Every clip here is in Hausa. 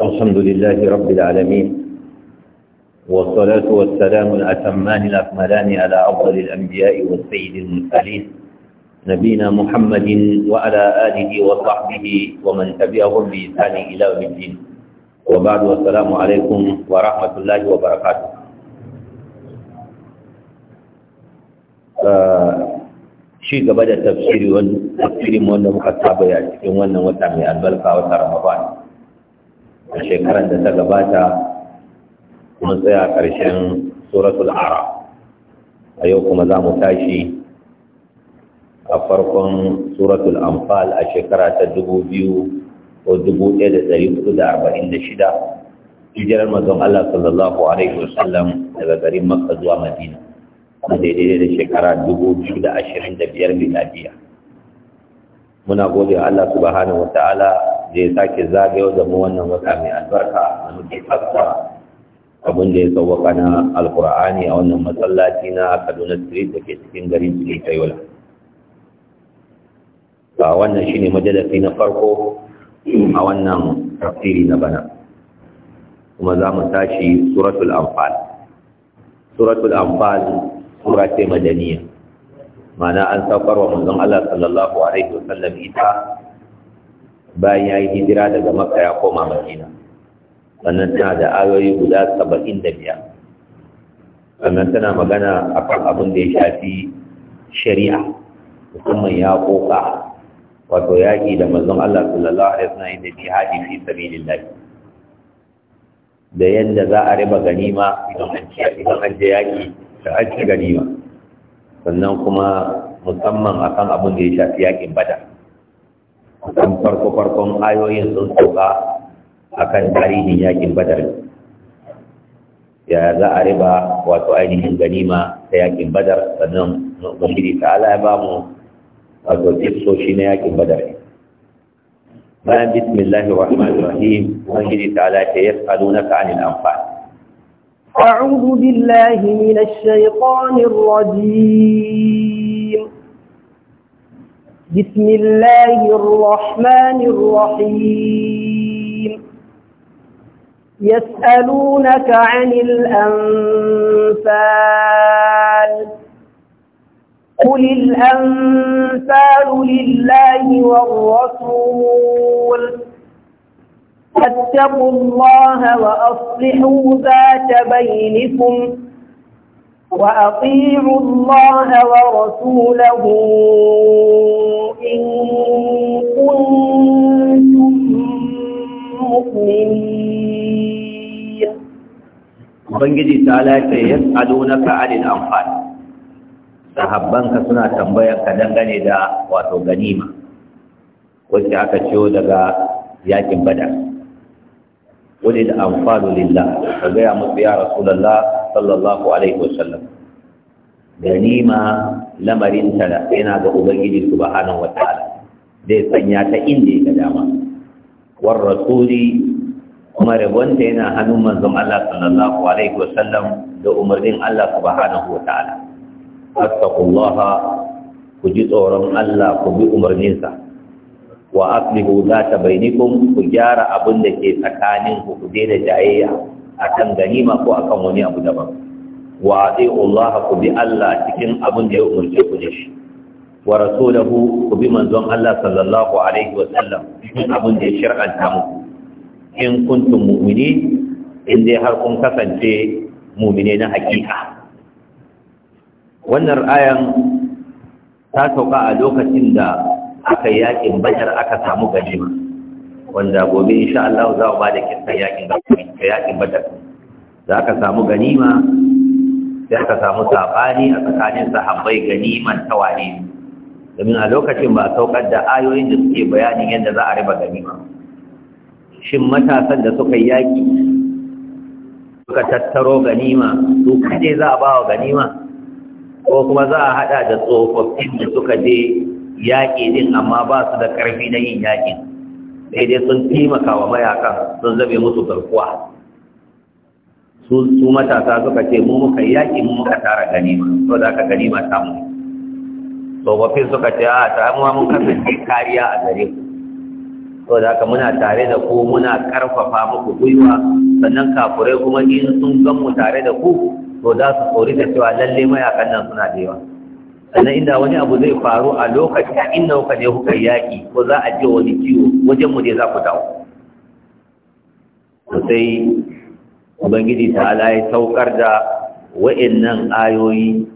الحمد لله رب العالمين والصلاة والسلام الأتمان الأكملان على أفضل الأنبياء والسيد المرسلين نبينا محمد وعلى آله وصحبه ومن تبعهم بإحسان إلى يوم الدين وبعد والسلام عليكم ورحمة الله وبركاته shi gaba da tafsiri wanda muka saba ya cikin wannan wata mai albarka wata ramadan a shekarar da ta gabata mun tsaya ƙarshen suratul ara a yau kuma za mu tashi a farkon suratul amfal a shekara ta dubu biyu ko dubu ɗaya da ɗari hudu da arba'in da shida hijirar mazan Allah sallallahu alaihi wasallam daga garin Makka zuwa Madina a daidai da shekara dubu biyu da ashirin da biyar muna gode Allah subhanahu wa ta'ala da ya sake zagayo da mu wannan wata mai albarka da muke fassara abin da ya sauwaka na alkur'ani a wannan masallaci na kaduna street da ke cikin garin cikin kayola ba wannan shine majalisi na farko a wannan tafsiri na bana kuma za mu tashi suratul anfal suratul anfal sura ce madaniya ma'ana an saukar wa manzon Allah sallallahu alaihi wasallam ita bayan ya yi hijira daga makka ya koma madina sannan tana da ayoyi guda saba'in da biyar sannan tana magana a kan abin da ya shafi shari'a musamman ya koka wato yaƙi da mazan Allah sallallahu alaihi wasallam da jihadi fi sabilillah da yadda za a riba ganima idan an je yaƙi da an ci ganima sannan kuma musamman akan abin da ya shafi yaƙin bada dan farko-farkon ayoyin sun sauka a kan tarihin yakin badar ya za a riba wato ainihin ganima ta yakin badar sannan ubangiji ta ala ya ba mu wato shi na yakin badar bayan bismillahir rahmanir rahim ubangiji ta ala ta na anil amfani أعوذ بالله من الشيطان الرجيم بسم الله الرحمن الرحيم يسألونك عن الأنفال قل الأنفال لله والرسول فاتقوا الله وأصلحوا ذات بينكم وأطيعوا الله ورسوله إن كنتم مؤمنين Ubangiji ta lafiya ya tsalo na amfani, sahabbanka suna tambayar ka dangane da wato ganima, wacce aka ciyo daga yakin badar. Wani da amfani lillah, ka gaya musu ya Rasulallah sallallahu alaihi wasallam ganima lamarin ta yana ga ubangiji subhanahu wataala zai sanya ta inda ya dama war rasuli kuma rabonta yana hannun manzon Allah sallallahu alaihi wasallam da umarnin Allah subhanahu wataala attaqullaha ku ji tsoron Allah ku bi umarninsa wa aslihu zata bainakum ku gyara abin da ke tsakanin ku ku daina jayayya akan ganima ko akan wani abu daban wa ati'u Allah ku bi Allah cikin abin da ya umarce ku da shi wa rasulahu ku bi manzon Allah sallallahu alaihi wa sallam cikin abin da ya shar'anta muku in kuntum mu'mini in dai har kun kasance mu'mine na hakika wannan ayan ta sauka a lokacin da aka yakin bashar aka samu ganima wanda gobe insha Allah za mu ba da kinka yakin da ka yakin badar za ka samu ganima sai ka samu sabani a tsakanin sahabbai ganiman tawane domin a lokacin ba saukar da ayoyin da suke bayanin yadda za a riba ganima shin matasan da suka yaki suka tattaro ganima su kaje za a ba wa ganima ko kuma za a hada da tsofaffin da suka je yaƙi din amma ba su da ƙarfi na yin yaƙin sai dai sun taimaka wa mayakan sun zame musu garkuwa su matasa suka ce mu muka yaƙi mu muka tara ganima so da aka ganima mu tsofaffin suka ce a samuwa mun kasance kariya a gare ku so da aka muna tare da ku muna ƙarfafa muku gwiwa sannan kafurai kuma in sun gan mu tare da ku to za su tsori da cewa lalle mayakan nan suna da yawa sannan inda wani abu zai faru a lokacin a inda kuka ne kuka yaƙi ko za a je wani ciwo wajen mu ne za ku dawo to sai ubangiji ta ala ya saukar da wa'annan ayoyi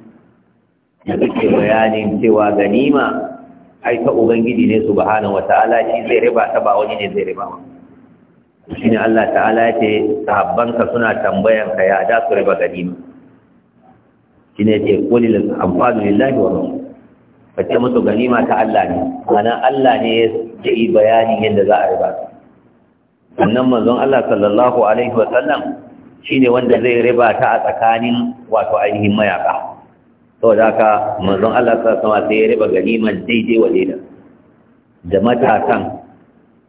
da kake bayanin cewa ganima ai ta ubangiji ne subhanahu wataala shi zai riba ta ba wani ne zai riba ba shine Allah ta'ala ya ce sahabbanka suna tambayanka ya da su riba ganima shine kulli lil anfalu lillahi wa rasul kace musu ganima ta Allah ne ana Allah ne ya yi bayanin yadda za a riba annan manzon Allah sallallahu alaihi wa sallam shine wanda zai riba ta a tsakanin wato ainihin mayaka saboda haka manzon Allah sallallahu alaihi wa sallam sai ya riba ganiman daidai wa daidai da matasan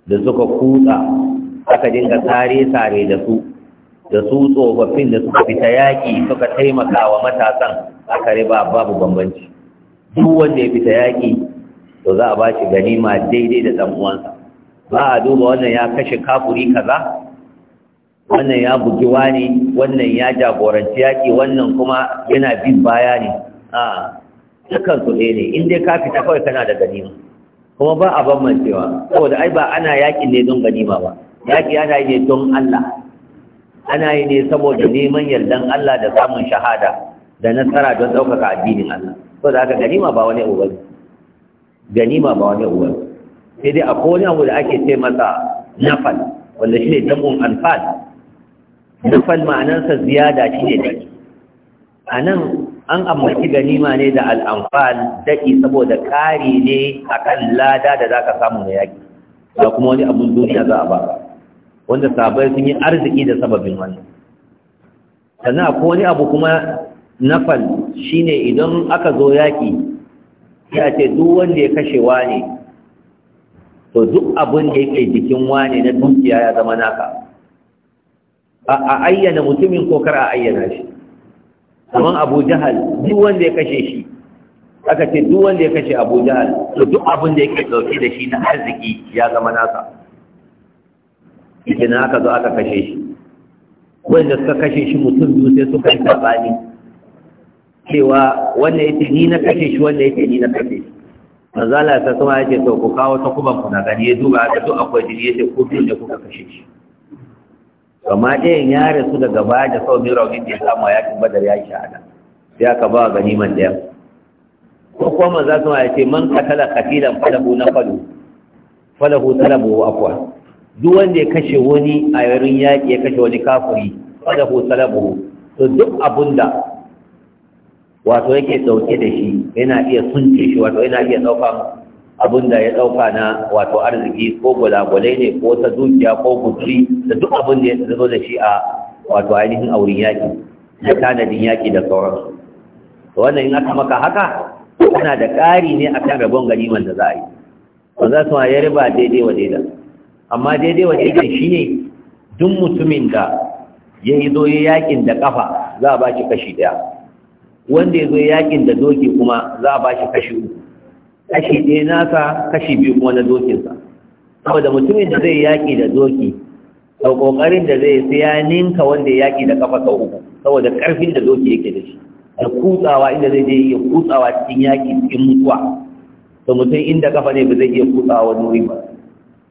da suka kutsa aka dinga sare-sare da su da su tsofaffin da suka fita yaƙi suka taimaka wa matasan aka riba babu bambanci duk wanda ya fita yaƙi to za a ba shi ganima daidai da ɗan uwansa ba a duba wannan ya kashe kafuri kaza wannan ya bugi wani wannan ya jagoranci yaƙi wannan kuma yana bin baya ne a dukkan su ne in dai ka fita kawai kana da ganima kuma ba a bambancewa saboda ai ba ana yaƙin ne don ganima ba yaƙi ana yi ne don Allah ana yi ne saboda neman yardan Allah da samun shahada da nasara don ɗaukaka addinin Allah ko da aka ganima ba wani uba ganima ba wani uba sai dai akwai wani abu da ake ce masa nafal wanda shi ne damun alfal nafal ma'anarsa ziyada shi ne daki a nan an ambaci ganima ne da al'amfal daki saboda kari ne akan lada da za ka samu na yaƙi da kuma wani abun duniya za a ba wanda sabai sun yi arziki da sababin wannan sannan ko wani abu kuma nafal shine idan aka zo yaƙi ya ce duk wanda ya kashe wane to duk abin da yake jikin wane na dukiya ya zama naka a ayyana mutumin ko kar a ayyana shi kamar abu jahal duk wanda ya kashe shi aka ce duk wanda ya kashe abu jahal to duk abin da yake dauke da shi na arziki ya zama naka yake na aka zo aka kashe shi wanda suka kashe shi mutum biyu sai suka yi sabani cewa wanda ce ni na kashe shi wanda ce ni na kashe shi manzo Allah ta kuma yace to ku kawo ta kuban ku na gani ya duba aka to akwai jini yace ko biyu ne kuka kashe shi amma ɗayan ya rasu daga baya da sau mira wani ya samu yakin badar ya yi shahada sai aka ba man ɗaya ko kuma manzo Allah ya ce man katala qatilan falahu nafalu falahu talabu afwa duk wanda ya kashe wani a yarin yaƙi ya kashe wani kafiri wadda ko salabu to duk abun da wato yake ɗauke da shi yana iya sunce shi wato yana iya ɗauka abun da ya ɗauka na wato arziki ko gulagulai ne ko ta dukiya ko guduri da duk abun da ya zo da shi a wato ainihin auren yaƙi da tanadin yaƙi da sauransu to wannan in aka maka haka yana da ƙari ne akan rabon ganiman da za a yi ba za su ma ya riba daidai wa daidai amma daidai wace ce ne duk mutumin da ya yi zoye yakin da kafa za a ba shi kashi ɗaya, wanda ya zo yakin da doki kuma za a ba shi kashi uku kashi ɗaya nasa kashi biyu kuma na dokinsa saboda mutumin da zai yaƙi da doki da ƙoƙarin da zai sai ya ninka wanda ya yaƙi da kafa sau uku saboda ƙarfin da doki yake da shi da kutsawa inda zai je iya kutsawa cikin yaƙi cikin mutuwa to mutum inda kafa ne ba zai iya kutsawa wani wuri ba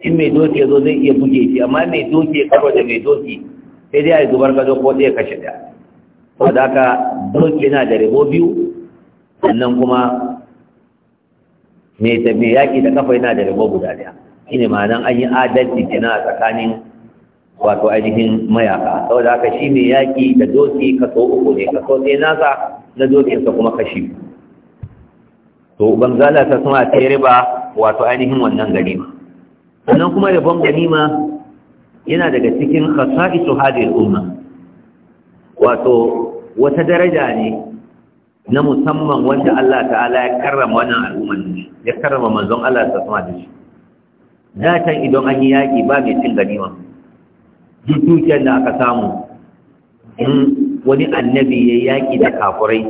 in mai doki ya zo zai iya buge shi amma mai doki ya karo da mai doki sai dai a yi zubar gado ko ɗaya kashe ɗaya ko da haka doki yana da rabo biyu sannan kuma mai yaƙi da kafa yana da rabo guda ɗaya ina ma'anan an yi adalci ke na tsakanin wato ainihin mayaka saboda haka shi mai yaƙi da doki kaso uku ne kaso sai nasa na dokinsa kuma kashi to banzala ta suna ta riba wato ainihin wannan ganima sannan kuma rabon ganima yana daga cikin khasa'isu hadhihi umma wato wata daraja ne na musamman wanda Allah ta'ala ya karrama wannan al'umman ne ya karrama manzon Allah ta sama da shi datan idan an yi yaƙi ba mai cin ganima duk dukiyar da aka samu in wani annabi ya yaƙi da kafurai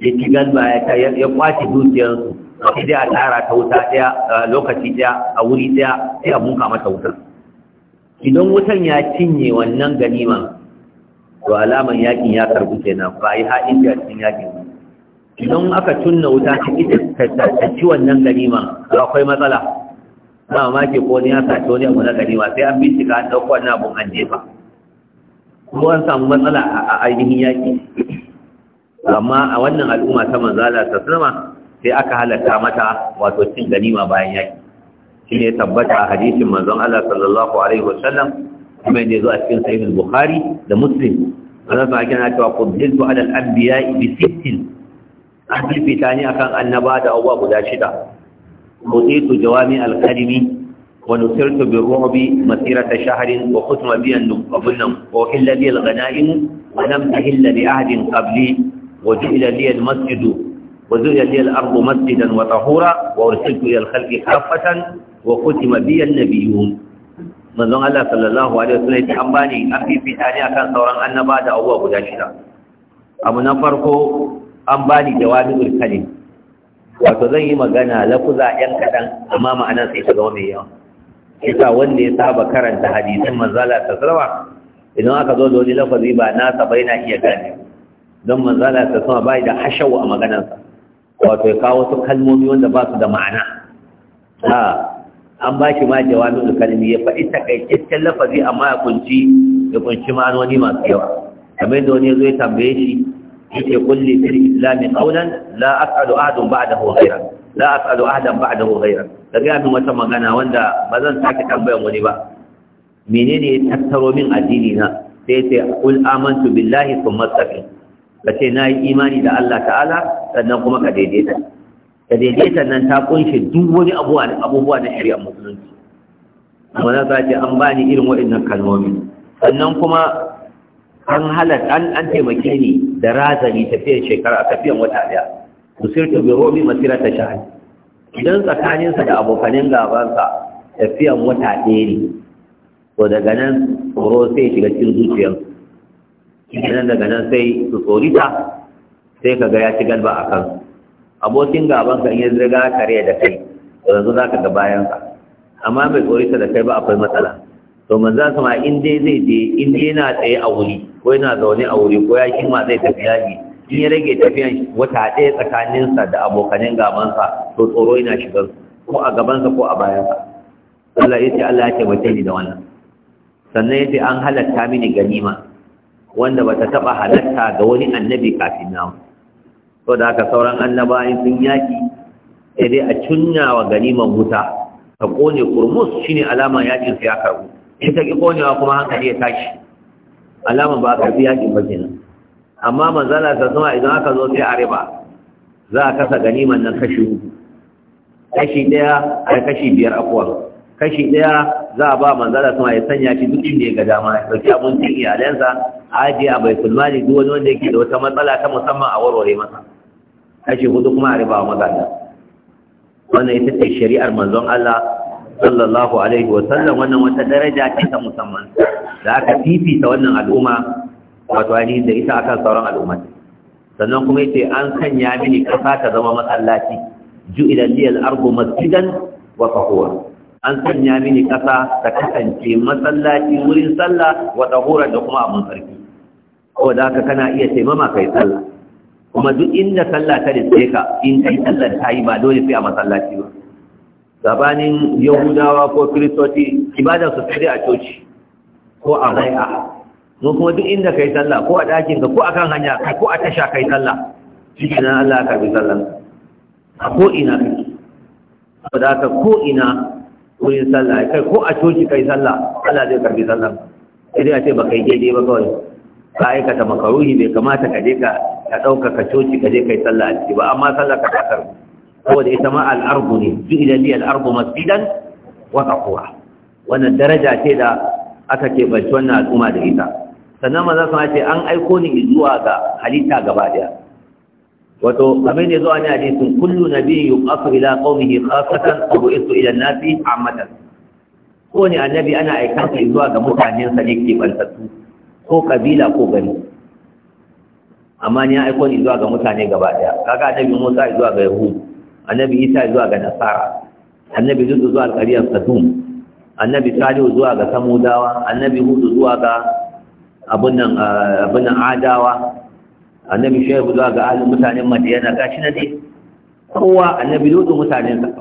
ya ci galba ya kwace dukiyarsu sai dai a tsara ta wuta ɗaya lokaci ɗaya a wuri ɗaya sai a bunka mata wutar idan wutan ya cinye wannan ganiman to alaman yakin ya karbu kenan ba yi ha'in da cikin yakin idan aka tunna wuta ta ita ta ci wannan ganiman to akwai matsala ba ma ke ko ne ya sace wani abu na ganima sai an bincika an dauko wannan abun an jefa ko an samu matsala a ainihin yaki amma a wannan al'umma ta manzala ta sama sai aka halarta mata wato cin ganima bayan yaki shi ya tabbata a hadisin manzon Allah sallallahu alaihi wasallam kuma ne zuwa cikin sahih bukhari da muslim annabi sallallahu alaihi wasallam ya ce qabiltu ala al-anbiya bi sittin ahli fitani akan annaba da uwa guda shida mutitu jawami al-karimi wa nusirtu bi ru'bi masirata shahrin wa khutma bi an-nubbun wa hilla bi al-ghanaim wa lam tahilla bi ahdin qabli wa masjidu وزوجت لي الأرض مسجدا وطهورا وأرسلت إلى الخلق كافة وختم بي النبيون من ذن الله صلى الله عليه وسلم يتحمباني أبي في تاني أكان صورا أن بعد أواب داشرا أبو نفرقو أنباني جوامع الكلم wato zan yi magana lafuza ‘yan kaɗan amma ma'anar sai zama mai yawa. Kisa wanda ya saba karanta hadisin manzala ta sarwa idan aka zo da wani lafazi ba nasa bai na iya gane don manzala ta sama bai da hashawa a maganarsa wato ya kawo wasu kalmomi wanda ba su da ma'ana ha an ba shi ma jawabin kalmi ya faɗi takaitaccen lafazi amma ya kunci ya kunci ma'anoni masu yawa kamar da wani ya zo ya tambaye shi ce kulli fil islami qawlan la as'alu ahadun ba'dahu ghayra la as'alu ahadan ba'dahu ghayra daga min wata magana wanda ba zan sake tambayan wani ba menene ya tattaro min addini na sai ce kul amantu billahi thumma istaqim ka ce na yi imani da Allah ta'ala sannan kuma ka daidaita ka daidaita nan ta kunshi duk wani abubuwa na shari'ar musulunci na za ce an bani irin waɗannan kalmomi sannan kuma an halar an taimake ni da razani tafiyan shekara tafiyan wata daya musirtu bi robi masira ta shahad idan tsakaninsa da abokanin gabansa tafiyan wata ɗaya ne to daga nan tsoro sai shiga cikin zuciyarsa idan daga nan sai su ta sai ka ga ya ci galba a kan abokin gaban ka in ya zirga kare da kai yanzu za ka ga ka. amma bai ta da kai ba akwai matsala to man za su ma in dai zai je in dai yana tsaye a wuri ko yana zaune a wuri ko ya shi ma zai tafi yaji in ya rage tafiyan wata ɗaya tsakaninsa da abokanin gabansa to tsoro yana shigar ko a gabansa ko a bayansa Allah ya ce Allah ya taimake ni da wannan sannan ya ce an halatta mini ganima wanda ba ta taɓa halatta ga wani annabi kafin nan to da haka sauran annabayin sun yaki sai dai a cunna ganiman wuta ta kone kurmus shine alama yakin sai ya karbu in ta ki konewa kuma hankali ya tashi alama ba a biya yakin ba kenan amma manzala ta sama idan aka zo sai a riba za a kasa ganiman nan kashi uku kashi ɗaya a kashi biyar afuwa kashi ɗaya za a ba manzala sama ya sanya shi duk inda ya ga dama ya ɗauki abincin iyalansa ajiye a bai kulmali duk wani wanda yake da wata matsala ta musamman a warware masa kashi hudu kuma a riba wa mazaɗa wannan ita ce shari'ar manzon Allah sallallahu alaihi wa sallam wannan wata daraja ce ta musamman da aka fifita wannan al'umma wato ainihin da ita akan sauran al'umma sannan kuma yace an sanya mini kasa ta zama masallaci ju'ila liyal ardu masjidan wa tahura an sanya mini kasa ta kasance masallaci wurin sallah wa tahura da kuma abun sarki ko da haka kana iya taimama kai sallah kuma duk inda sallah ta riske ka in kai sallah ta yi ba dole sai a masallaci ba gabanin yahudawa ko kiristoci ibada su sai a coci ko a bai'a mu kuma duk inda kai sallah ko a ɗakin ka ko a kan hanya ko a tasha kai sallah shi ne Allah ka bi sallah a ko ina kake saboda haka ko ina wurin sallah kai ko a coci kai sallah Allah zai karbi sallah sai dai a ce ba kai daidai ba kawai ka aikata makaruhi bai kamata ka je ka ka dauka ka coci ka je kai sallah a ciki ba amma sallah ka takar da ita ma al'argu ne ju idan li al'arbu masjidan wa taqwa wannan daraja ce da aka keɓance wannan al'umma da ita sannan maza sun ce an aiko ni zuwa ga halitta gaba daya wato abin da zuwa ne a jisun kullu nabi yuqasu ila qaumihi khasatan aw bu'istu ila an-nasi ammatan ko ne annabi ana aikansa zuwa ga mutanen sa ne ke bantattu ko kabila ko gani amma ni aiko ni zuwa ga mutane gaba daya kaga annabi Musa zuwa ga Yahud annabi Isa zuwa ga Nasara annabi Lut zuwa al ƙaryar Sadum annabi Salihu zuwa ga Samudawa annabi Hud zuwa ga abun nan ah, Adawa annabi Shaybu zuwa ga al mutanen Madiyana gashi na dai kowa annabi Lut mutanen sa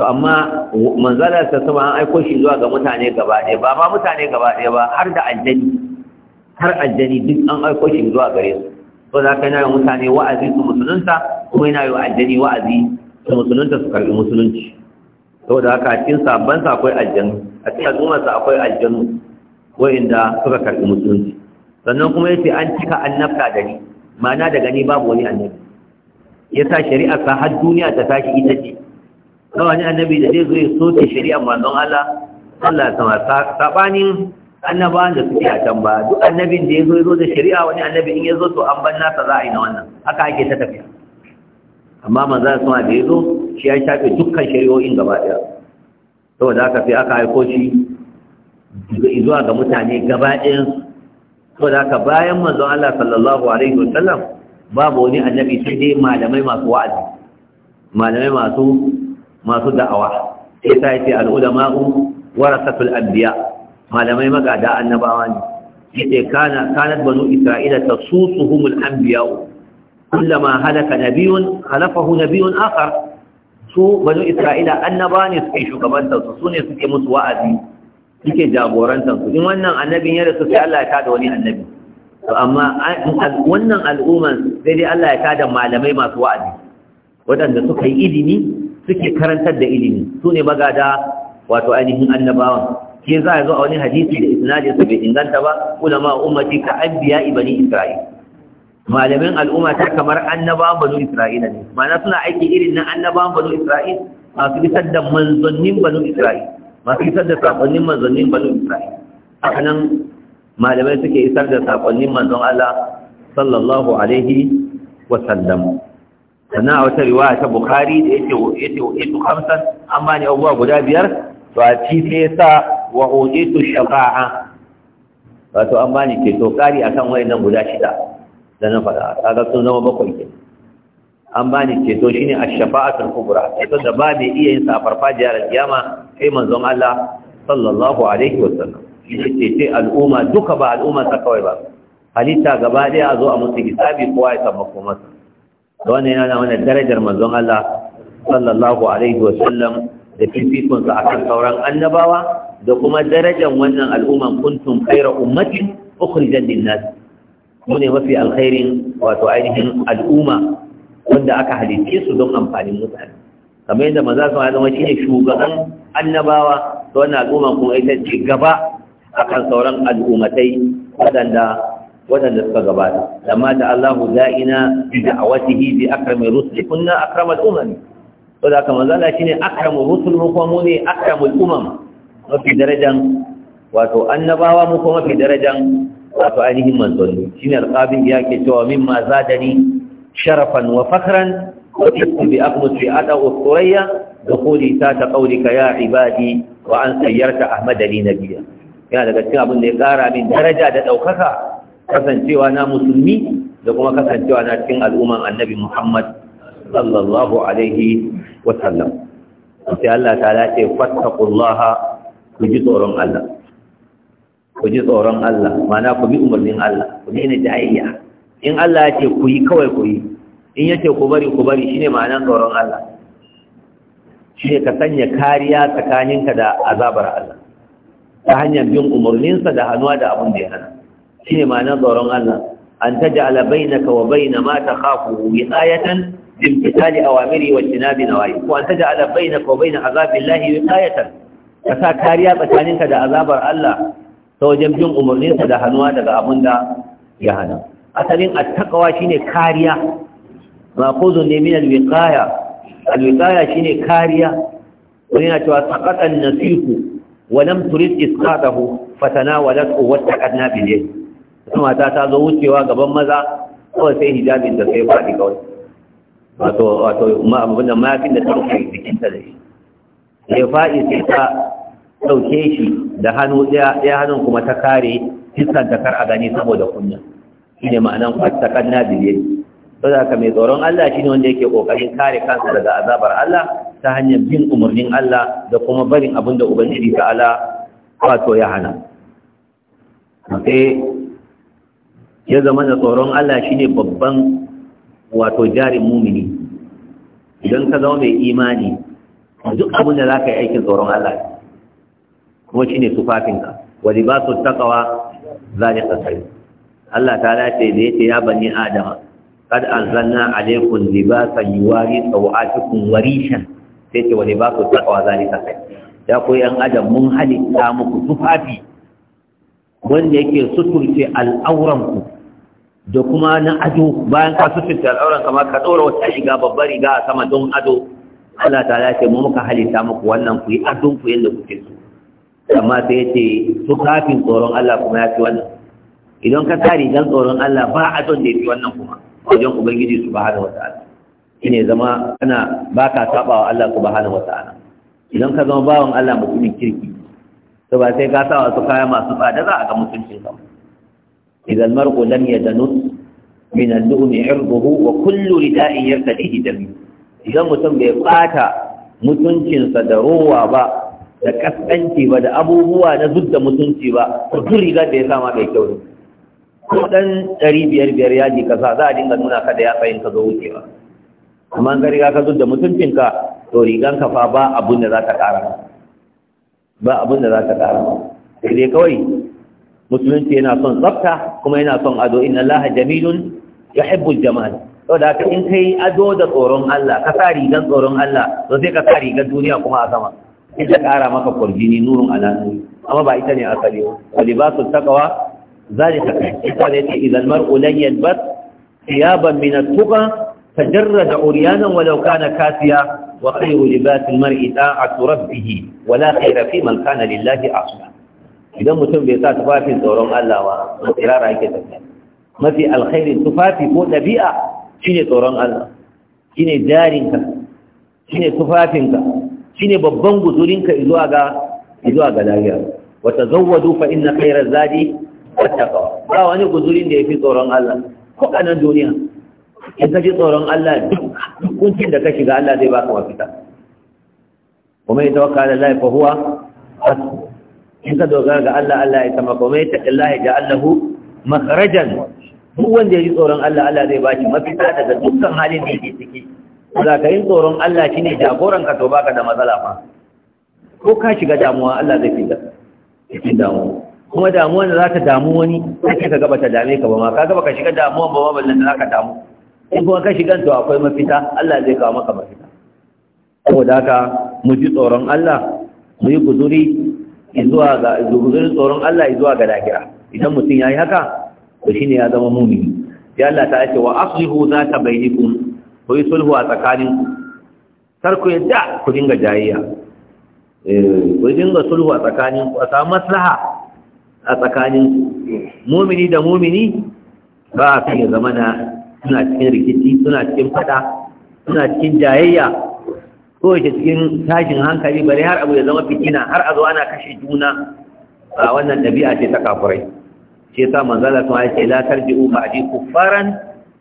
to amma manzala ta sama an aiko shi zuwa ga mutane gaba daya ba ma mutane gaba daya ba har da aljanni har aljani duk an aiko shi zuwa gare su to za ka na yi mutane wa'azi su musulunta kuma yana yi wa aljani wa'azi su musulunta su karɓi musulunci da haka a cikin sa akwai aljanu a cikin sa akwai aljanu wa'inda suka karɓi musulunci sannan kuma yace an cika annabta da ni ma'ana daga ni babu wani annabi yasa shari'a sa har duniya ta tashi ita ce kawai annabi da zai zo ya soke shari'a manzon Allah Allah ya sama sabanin annabawan da suke a can ba duk annabin da ya zo ya zo da shari'a wani annabi in ya zo to an ban nasa za a yi na wannan haka ake ta tafiya amma manzo a da ya zo shi ya shafe dukkan shari'o'in gaba ɗaya saboda haka sai aka haiko shi zuwa ga mutane gaba ɗayansu saboda haka bayan manzon Allah sallallahu alaihi wasallam babu wani annabi sai dai malamai masu wa'azi malamai masu masu da'awa sai ta yace al warasatul anbiya malamai magada annabawa ne yace kana kanat banu isra'ila ta tasusuhum al-anbiya kullama halaka nabiyyun khalafahu nabiyyun akhar su banu isra'ila annabawa ne suke shugabantar su sune suke musu wa'azi suke jagorantar su in wannan annabin ya rasu sai Allah ya tada wani annabi to amma wannan al'umman sai dai Allah ya tada malamai masu wa'azi waɗanda suka yi ilimi suke karantar da ilimi su ne magada wato ainihin annabawan shi za a zo a wani hadisi da isnadin bai inganta ba ulama ummati ka anbiya ibani isra'il malamin al'umma ta kamar annabawan banu isra'ila ne ma'ana suna aiki irin na annabawan banu isra'il masu fitar da manzannin banu isra'il masu fitar da sakonnin manzannin banu isra'il haka nan malamai suke isar da sakonnin manzon Allah sallallahu alaihi wa sallam sannan a wata riwaya ta bukhari da yake yake yake hamsan An bani abubuwa guda biyar to a ci sai ya sa wa utitu shafa'a wato an bani ceto kari akan wayannan guda shida da na faɗa kaga sun zama bakwai ke an bani ceto shine ash-shafa'atul kubra ita da ba da iya yin sa farfajiya da kiyama sai manzon Allah sallallahu alaihi wasallam ita ce ce al'umma duka ba al'umma ta kawai ba halitta gaba daya a zo a musu hisabi kowa ya san kuma sa da wannan yana wani darajar manzon Allah sallallahu alaihi wasallam da fifikun sa akan sauran annabawa da kuma darajar wannan al'umman kuntum khaira ummatin ukhrijat lin-nas mu ne mafi alkhairin wato ainihin al'umma wanda aka halicce su don amfanin mutane kamar yadda maza su haɗa zama ne shugaban annabawa to wannan al'umma kuma ita ce gaba akan sauran al'ummatai waɗanda waɗanda suka gabata amma da Allahu da'ina bi da'awatihi bi akramil rusul kunna akramal umam to da kamar zalla shine akramul rusul mu kuma mu ne akramul umam mafi darajan wato annabawa mu kuma mafi darajan wato ainihin manzanni shine alqabin ya ke cewa min maza sharafan wa Sharafan wa tikum bi aqmus fi ada usuriya da quli ta ta qawlika ya ibadi wa an sayyarta ahmad ali nabiyya yana daga cikin abin da ya kara min daraja da ɗaukaka, kasancewa na musulmi da kuma kasancewa na cikin al'umman annabi muhammad sallallahu alaihi wa sallam sai Allah ta ce fattaqullaha ku ji tsoron Allah ku ji tsoron Allah mana ku bi umarnin Allah ku daina jayayya in Allah ya ce ku yi kawai ku yi in ya ce ku bari ku bari shine ma'anar tsoron Allah shi ka sanya kariya tsakaninka da azabar Allah ta hanyar bin umarninsa da hannuwa da abin da ya hana shine ma'anar tsoron Allah an ja'ala bainaka wa bain ma takhafu wiqayatan bi imtithali awamiri wa tinabi nawahi wa an ja'ala bainaka wa bain azabillahi ayatan ka sa kariya tsakaninka da azabar Allah ta wajen bin umarninsa da hannuwa daga abin da ya hana asalin shi shine kariya maquzun ne min alwikaya shi shine kariya wani na cewa na an-nasihu wa iska ta hu fatana wa wata bi yadi kuma ta ta zo wucewa gaban maza kawai sai hijabin da sai faɗi kawai wato wato ma da mayafin da ta rufe jikinta da shi ya fai sai ta ɗauke shi da hannu ɗaya hannun kuma ta kare fiskan ta kar a gani saboda kunya shi ne ma'anan kan na biliyar ba za ka mai tsoron Allah shi ne wanda yake ƙoƙarin kare kansa daga azabar Allah ta hanyar bin umarnin Allah da kuma barin abin da Ubangiji ga Allah wato ya hana. Sai ya zama da tsoron Allah shi ne babban wato jarin mumini idan ka zama mai imani duk abin da za ka yi aikin tsoron Allah kuma shi ne tufafinka Wani ba su libasu za zalika khair Allah ta lace da yace ya bani adama Kada kad anzalna alaykum libasan a sawatikum warishan sai ce wani ba su libasu za zalika khair ya koyi yan adam mun hali ta muku tufafi wanda yake suturce al'auranku da kuma na ado bayan ka suturce al'auranka ma ka ɗora wata riga babbar riga a sama don ado Allah ta ya ce mu muka halitta muku wannan ku yi adun ku yadda kuke so amma sai ya ce su kafin tsoron Allah kuma ya fi wannan idan ka tari dan tsoron Allah ba adon da ya fi wannan kuma wajen ubangiji subhanahu wataala shine zama kana baka saba wa Allah subhanahu wataala idan ka zama bawan Allah mutumin kirki to ba sai ka sa wasu kaya masu tsada za a ga mutuncin ka idan mar'u lam yadanus min al-lu'mi 'irduhu wa kullu rida'i yartadihi biyu. idan mutum bai ɓata mutuncinsa da rowa ba da kaskanci ba da abubuwa na zudda mutunci ba ko duk rigar da ya sama mai kyau ne ko dan ɗari biyar biyar yaji kasa za a dinga nuna ka da ya tsayin ka zo ba. amma ka riga ka zudda mutuncinka to rigan ka fa ba abun da za ta ƙara ba abun da za ta ƙara sai dai kawai musulunci yana son tsafta kuma yana son ado inna allaha jamilun yuhibbul jamal to da in kai ado da tsoron Allah ka sa rigan tsoron Allah to sai ka sa rigan duniya kuma a sama in ta kara maka kurjini nurun ala nuri amma ba ita ne asali ba walibasu taqwa zalika ita ne ce idan mar'u lan yalbas thiyaban min at-tuqa تجرد عريانا ولو كان كافيا وخير لباس المرء طاعة ربه ولا خير في man كان lillahi عصيا idan mutum bai sa tufafin tsoron Allah ba tsirara yake tafiya mafi alkhairin tufafi ko ɗabi'a shine tsoron Allah shine jarinka shine tufafinka shine babban guzurinka zuwa ga ga lafiya wata zauwa dufa ina kairar zadi wattaqwa ba wani guzurin da ya fi tsoron Allah ko kanan duniya in ka ji tsoron Allah duk kuncin da ka shiga Allah zai baka mafita kuma ya tawakkala Allah fa huwa in ka dogara ga Allah Allah ya kama kuma ya taƙi Allah ya ja'alahu duk wanda ya ji tsoron Allah Allah zai baki mafita daga dukkan halin da yake ciki za ka yi tsoron Allah shine jagoran ka to baka da matsala fa ko ka shiga damuwa Allah zai fita cikin damuwa kuma damuwan da za ta damu wani sai ka gaba ta dame ka ba ma ka gaba ka shiga damuwan ba ma ballan da ka damu in kuma ka shiga to akwai mafita Allah zai kawo maka mafita saboda haka mu ji tsoron Allah mu yi guzuri zuwa ga guzuri tsoron Allah zuwa ga lahira idan mutum yayi haka to ne ya zama muni ya Allah ta ce wa aslihu ta bainakum ku yi sulhu a tsakaninku Sarku ya da ku dinga jayayya eh, ku dinga sulhu a tsakaninku a samu maslaha a tsakaninku mumini da mumini ba a fiye zamana suna cikin rikici suna cikin fada suna cikin jayayya ko yake cikin tashin hankali bare har abu ya zama fitina har a zo ana kashe juna a wannan ɗabi'a ce ta kafurai Sai sa manzala sun ce la tarji'u ba'di kuffaran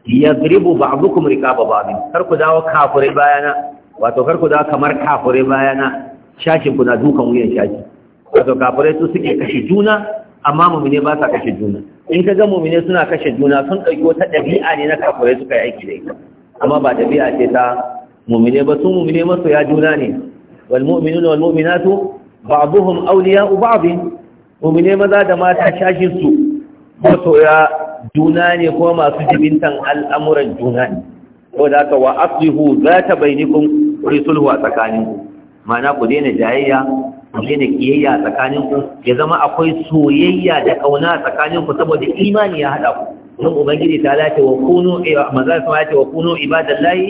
yadribu ba'dukum riqaba ba'din kar ku dawo kafirai bayana wato kar ku dawo kamar kafure bayana shashin ku na dukan wuyan shashi wato kafure su suke kashe juna amma mumine ba sa kashe juna in ka ga mumine suna kashe juna sun ɗauki wata ɗabi'a ne na kafirai suka yi aiki da ita amma ba ɗabi'a ce ta mumine ba su mumine ya juna ne wal mu'minuna wal mu'minatu ba'duhum awliya'u ba'd mumine maza da mata shashin su ya juna ne kuma masu jibintan al'amuran juna ne ko da ka wa aslihu za ta bainikun ku sulhu a tsakaninku mana ku daina jayayya ku daina kiyayya a tsakaninku ya zama akwai soyayya da kauna a tsakaninku saboda imani ya haɗa ku don ubangiji ta lati wa kunu eh, manzan su ya ce wa kunu layi,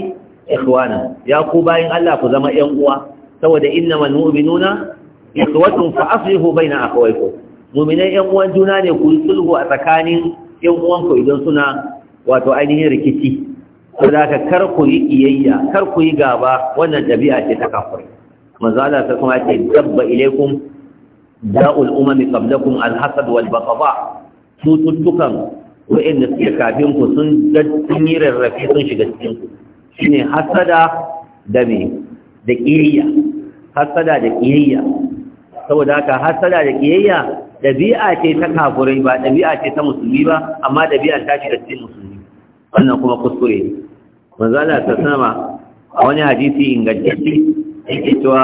ikhwana ya ku bayan Allah ku zama 'yan uwa saboda innamal mu'minuna ikhwatun fa aslihu akawai ku. Muminan yan uwan juna ne ku yi sulhu a tsakanin yan uwanku idan suna wato ainihin rikici ko da ka kar ku yi iyayya kar ku yi gaba wannan dabi'a ce ta kafirai manzo ta kuma ce dabba ilaikum da'ul umami qablakum al-hasad wal baqaba tututtukan wa'inda suke kafin ku sun sun yi rarrafe sun shiga cikin ku shine hasada da me da kiriya hasada da kiriya saboda haka har sada da kiyayya dabi'a ce ta kafurai ba dabi'a ce ta musulmi ba amma dabi'a ta da cikin musulmi wannan kuma kuskure ne manzo Allah ta sama a wani hadisi ingantacce yake cewa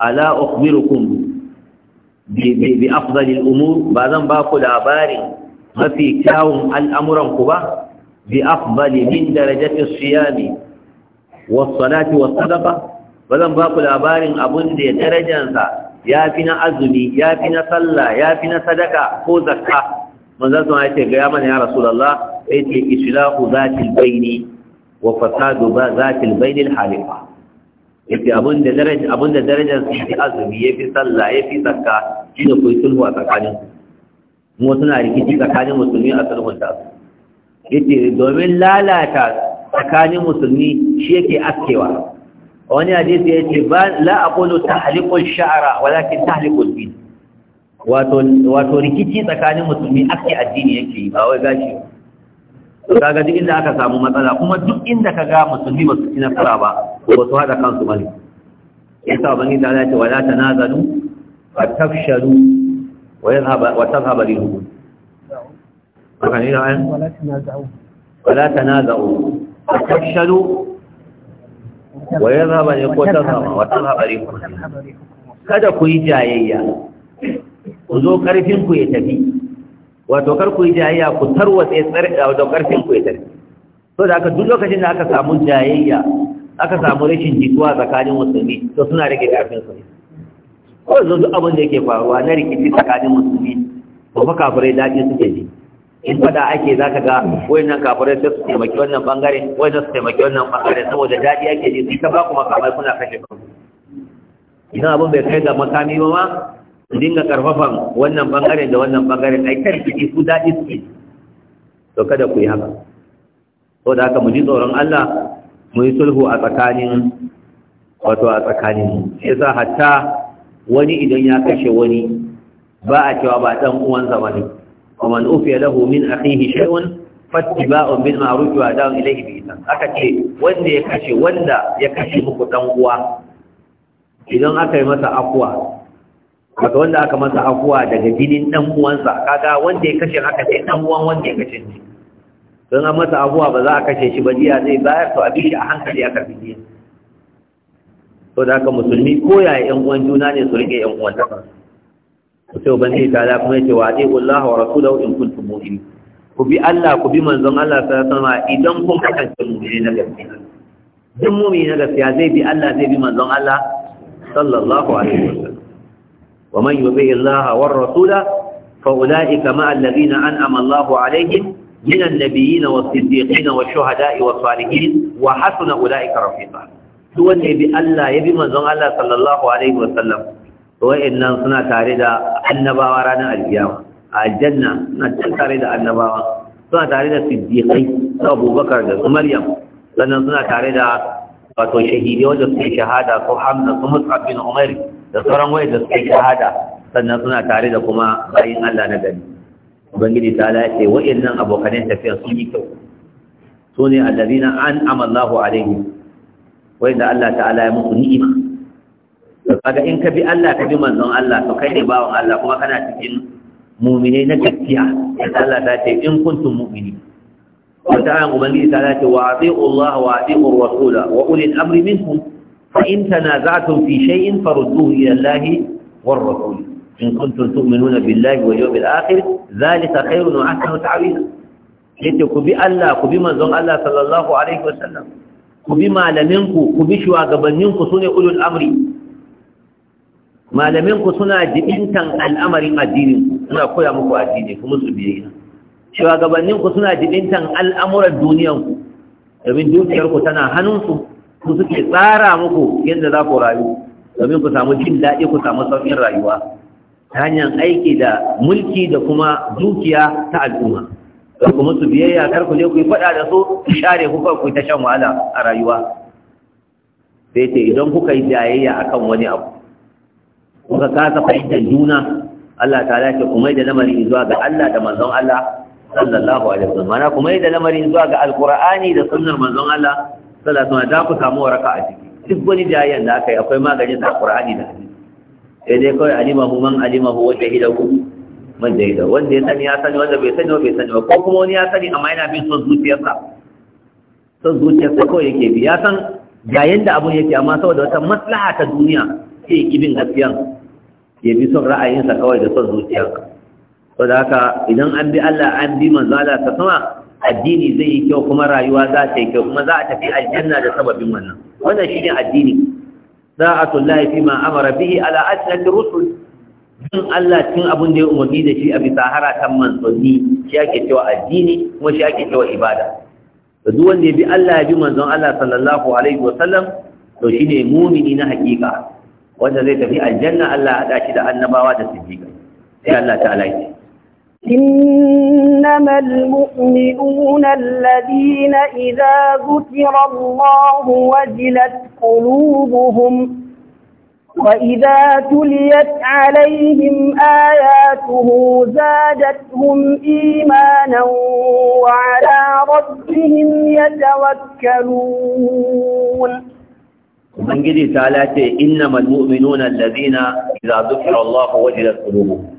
ala ukhbirukum bi bi afdali al-umur ba zan ba ku labarin mafi kyawun al'amuran ku ba bi afdali min darajati as-siyami was-salati wa sadaqa ba zan ba ku labarin abun da ya darajansa ya fi na azumi ya fi na sallah ya fi na sadaka ko zakka manzon sun ya ce gaya mana ya rasulullah ya ce islahu bai baini wa fasadu zatil baini al-halifa ya abin da abin da darajar su fi azumi ya fi sallah ya fi zakka shine koyi sulhu a tsakanin mu suna rikici tsakanin musulmi a sulhun ta ce domin lalata tsakanin musulmi shi yake askewa wani hadisi ya ce ba la aqulu tahliqul sha'ra walakin tahliqul din wato wato rikici tsakanin musulmi akai addini yake yi ba wai gashi kaga duk inda aka samu matsala kuma duk inda kaga musulmi ba su ci nasara ba ba su hada kansu bane yasa bani da Allah ya ce wala tanazalu fatafshalu wa yadhhaba wa tadhhaba rihukum wala tanazalu wala tanazalu fatafshalu wa ya zaba ne ko ta zama wa ta zaba kada ku yi jayayya ku zo karfin ku ya tafi wato kar ku yi jayayya ku tarwatse tsarka wato karfin ku ya tafi to da aka duk lokacin da aka samu jayayya aka samu rashin jituwa tsakanin musulmi to suna rage karfin su ko zo duk abin da yake faruwa na rikici tsakanin musulmi ko fa kafirai daɗi suke ji in fada ake za ka ga wayannan kafirai sai su taimaki wannan bangare wayannan su taimaki wannan bangare saboda daɗi ake ji sai ta ba ku makamai kuna kashe ba idan abin bai kai ga makami ba ma dinga karfafan wannan bangare da wannan bangare ai ki ku daɗi suke to kada ku yi haka ko da haka mu ji tsoron Allah mu yi sulhu a tsakanin wato a tsakanin yasa hatta wani idan ya kashe wani ba a cewa ba dan uwan bane ومن أوفي له من أخيه شيئا فاتباع بالمعروف وأداء إليه بإحسان aka ce wanda ya kashe wanda ya kashe muku uwa idan aka yi masa afuwa kaga wanda aka masa afuwa daga jinin dan uwansa kaga wanda ya kashe aka ce dan uwan wanda ya kashe ne don a masa afuwa ba za a kashe shi ba jiya zai bayar to a bi shi a hankali a karbi jiya to da haka musulmi ko yaya yan uwan juna ne su rike yan uwan ta kansu sai ubangiji ta ala kuma yace wa atiqullah wa rasulahu in kuntum mu'minin ku bi Allah ku bi manzon Allah sallallahu alaihi wasallam idan kun kasance mu'mini na gaskiya duk mu'mini na gaskiya zai bi Allah zai bi manzon Allah sallallahu alaihi wasallam wa man yuti Allah wa rasula fa ulaika ma alladhina an'ama Allah alaihim من النبيين والصديقين والشهداء والصالحين وحسن أولئك رفيقا دون يبي الله يبي من زن الله صلى الله عليه وسلم wa'annan suna tare da annabawa ranar alkiyama a aljanna suna can tare da annabawa suna tare da siddiqai su abubakar da su maryam sannan suna tare da wato shahidi wanda suke shahada ko hamza su mus'ab bin umar da sauran wai da suke shahada sannan suna tare da kuma bayin Allah na gari ubangiji ta lace wa'annan abokanen tafiya sun yi kyau su ne allazina an amallahu alaihim wa'anda Allah ta'ala ya musu ni'ima kaga in ka bi Allah ka bi manzon Allah to kai ne bawan Allah kuma kana cikin mu'mine na gaskiya sai Allah ta ce in kuntum mu'mini wata ayan ubangiji ta ce wa ati'u Allah wa ati'u ar-rasul wa ulil amri minkum fa in tanaza'tum fi shay'in farudduhu ila Allah war rasul in kuntum tu'minuna billahi wal yawmil akhir dhalika khairun wa ahsanu ta'wila yace ku bi Allah ku bi manzon Allah sallallahu alaihi wa sallam, ku bi malaminku ku bi shugabanninku sune ulul amri malamin ku suna jibintan al'amarin addinin suna koya muku addini ku musu biyayya Shugabanninku suna jibintan al'amuran duniyanku. ku domin dukiyar tana hannunsu ku suke tsara muku yadda za ku rayu domin ku samu jin daɗi ku samu sauƙin rayuwa ta hanyar aiki da mulki da kuma dukiya ta al'umma kar ku musu biyayya kar ku je ku yi faɗa da su ku share ku ku ta shan wahala a rayuwa sai idan kuka yi jayayya akan wani abu kuka kasa fahimtar juna Allah ta lafi kuma da lamarin zuwa ga Allah da manzon Allah sallallahu alaihi wasallam mana kuma da lamarin zuwa ga alqur'ani da sunnar manzon Allah sallallahu alaihi wasallam ta ku samu waraka a ciki duk wani jayyan da akai yi akwai maganin da alqur'ani da hadisi sai dai kawai alimahu man alimahu wa shahidahu man shahida wanda ya sani ya sani wanda bai sani bai sani ba ko kuma wani ya sani amma yana bin son zuciyarsa son zuciyarsa kawai yake bi ya san yayin da abun yake amma saboda wata maslaha ta duniya sai ya ƙi bin gaskiyan ya bi son ra'ayinsa kawai da son zuciyarka to da haka idan an bi Allah an bi manzo Allah ta sama addini zai yi kyau kuma rayuwa za ta yi kyau kuma za a tafi aljanna da sababin wannan wannan shine addini sa'atul lahi fi ma amara bihi ala asnati rusul din Allah cikin abin da ya umarni da shi a bisa haratan manzanni shi ake cewa addini kuma shi ake cewa ibada da duk wanda ya bi Allah ya bi manzon Allah sallallahu alaihi wa sallam to shine mumini na hakika wanda zai tafi aljanna Allah ya hada shi da annabawa da siddiqai sai Allah ta'ala ya ce إنما المؤمنون الذين إذا ذكر الله وجلت قلوبهم وإذا تليت عليهم آياته زادتهم إيمانا وعلى ربهم يتوكلون ubangiji ta lace innamal mu'minuna allazina idza zukira Allah wajilat qulubuhum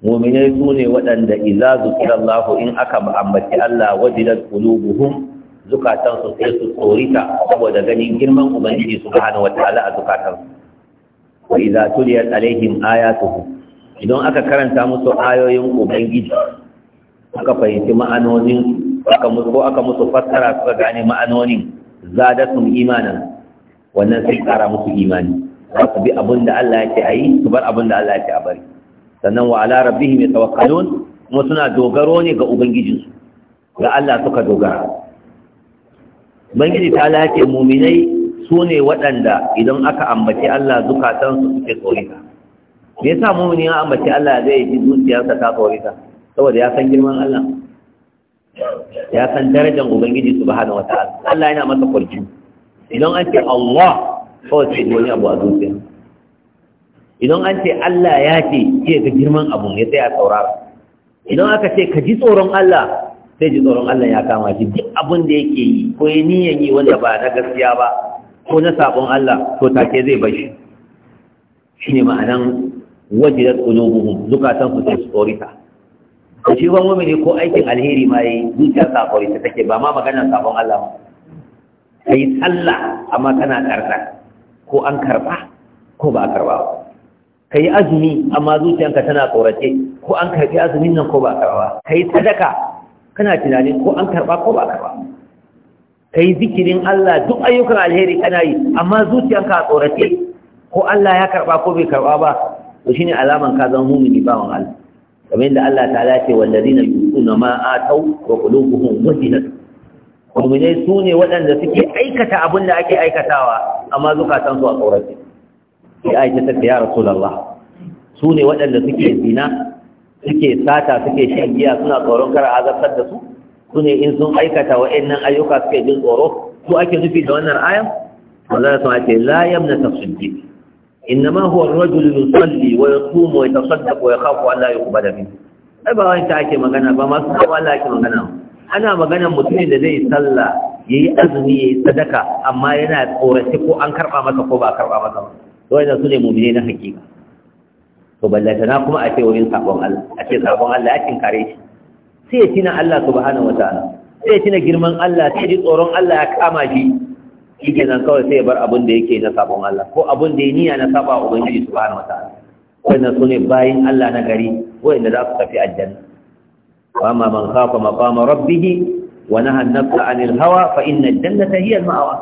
mu'minai sune waɗanda idza zukira Allah in aka ambaci Allah wajilat qulubuhum zukatan su sai su tsorita saboda ganin girman ubangiji subhanahu wataala a zukatan wa idza tuliyat alaihim ayatuhu idan aka karanta musu ayoyin ubangiji aka fahimci ma'anonin aka musu aka musu fassara suka gane ma'anonin zadatum imanan wannan sai kara musu imani za su bi abin da Allah ya ce a yi su bar abin da Allah ya ce a bari sannan wa ala rabbihim yatawakkalun kuma suna dogaro ne ga ubangijinsu ga Allah suka dogara ubangiji ta lace muminai su ne waɗanda idan aka ambaci Allah su suke tsorita me yasa mumini ya ambaci Allah zai ji zuciyarsa ta tsorita saboda ya san girman Allah ya san darajar ubangiji subhanahu wataala Allah yana masa kurji idan an ce Allah kawai ce wani abu a zuciya idan an ce Allah ya ce ce ga girman abu ya tsaya saurara idan aka ce ka ji tsoron Allah sai ji tsoron Allah ya kama shi duk abin da yake yi ko ya niyan yi wanda ba na gaskiya ba ko na sabon Allah to take zai bar shi shi ne ma'anan wajidat qulubuhum zukatan su sai tsorita ko shi wani mu'mini ko aikin alheri ma yi zuciya sa tsorita take ba ma maganar sabon Allah ba ka yi tsalla amma kana karta ko an karba ko ba a karba ba ka yi azumi amma zuciyanka tana tsorace ko an karbi azumin nan ko ba a karba ka yi sadaka kana tunanin ko an karba ko ba a karba ka yi zikirin Allah duk ayyukan alheri kana yi amma zuciyanka a tsorace ko Allah ya karba ko bai karba ba to shine alaman ka zama mumini bawan Allah kamar yadda Allah ta ce wallazina yusuna ma atau wa qulubuhum wajilatun mu'minai su ne waɗanda suke aikata abin da ake aikatawa amma zukatan su a tsorace sai aisha ta ce ya rasulullah su ne waɗanda suke zina suke sata suke shan giya suna tsoron kar azabtar da su su ne in sun aikata wa'annan ayyuka suke jin tsoro su ake nufi da wannan ayan da sama ce la yamna tafsidi innama huwa ar-rajulu yusalli wa yasumu wa yatasaddaqu wa yakhafu an la yuqbala minhu ai ba wani ta ake magana ba masu kawo Allah ake magana ba ana maganar mutumin da zai sallah ya yi azumi ya yi sadaka amma yana tsoraci ko an karɓa masa ko ba a karɓa masa ba wannan su ne mummune na hakika to ballata na kuma a ce wurin sabon Allah a ce sabon Allah ya kinkare shi sai ya tina Allah subhanahu wataala sai ya tina girman Allah sai ji tsoron Allah ya kama shi shi nan kawai sai ya bar abin da yake na sabon Allah ko abin da ya niya na saba ubangiji subhanahu wataala wannan su ne bayin Allah na gari wanda za su tafi aljanna وأما من خاف مقام ربه ونهى النفس عن الهوى فإن الجنة هي المأوى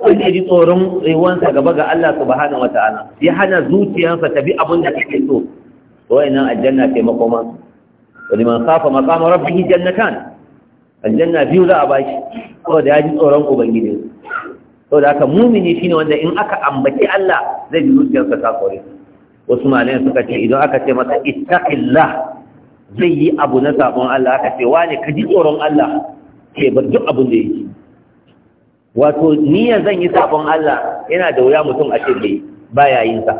wanda ji tsoron tsayuwansa gaba ga Allah subhanahu wataala ya hana zuciyarsa tabi abin da take so wayannan aljanna ce makoma wani man kafa maqama rabbih jannatan aljanna biyu za a bashi saboda ya ji tsoron ubangiji saboda haka mumini shine wanda in aka ambaci Allah zai ji zuciyarsa ta kore wasu malayan suka ce idan aka ce masa ittaqillah zai yi abu na sabon Allah aka ce ne ka ji tsoron Allah ke bar duk abin da yake wato niyan zan yi sabon Allah yana da wuya mutum a ce bai baya yin sa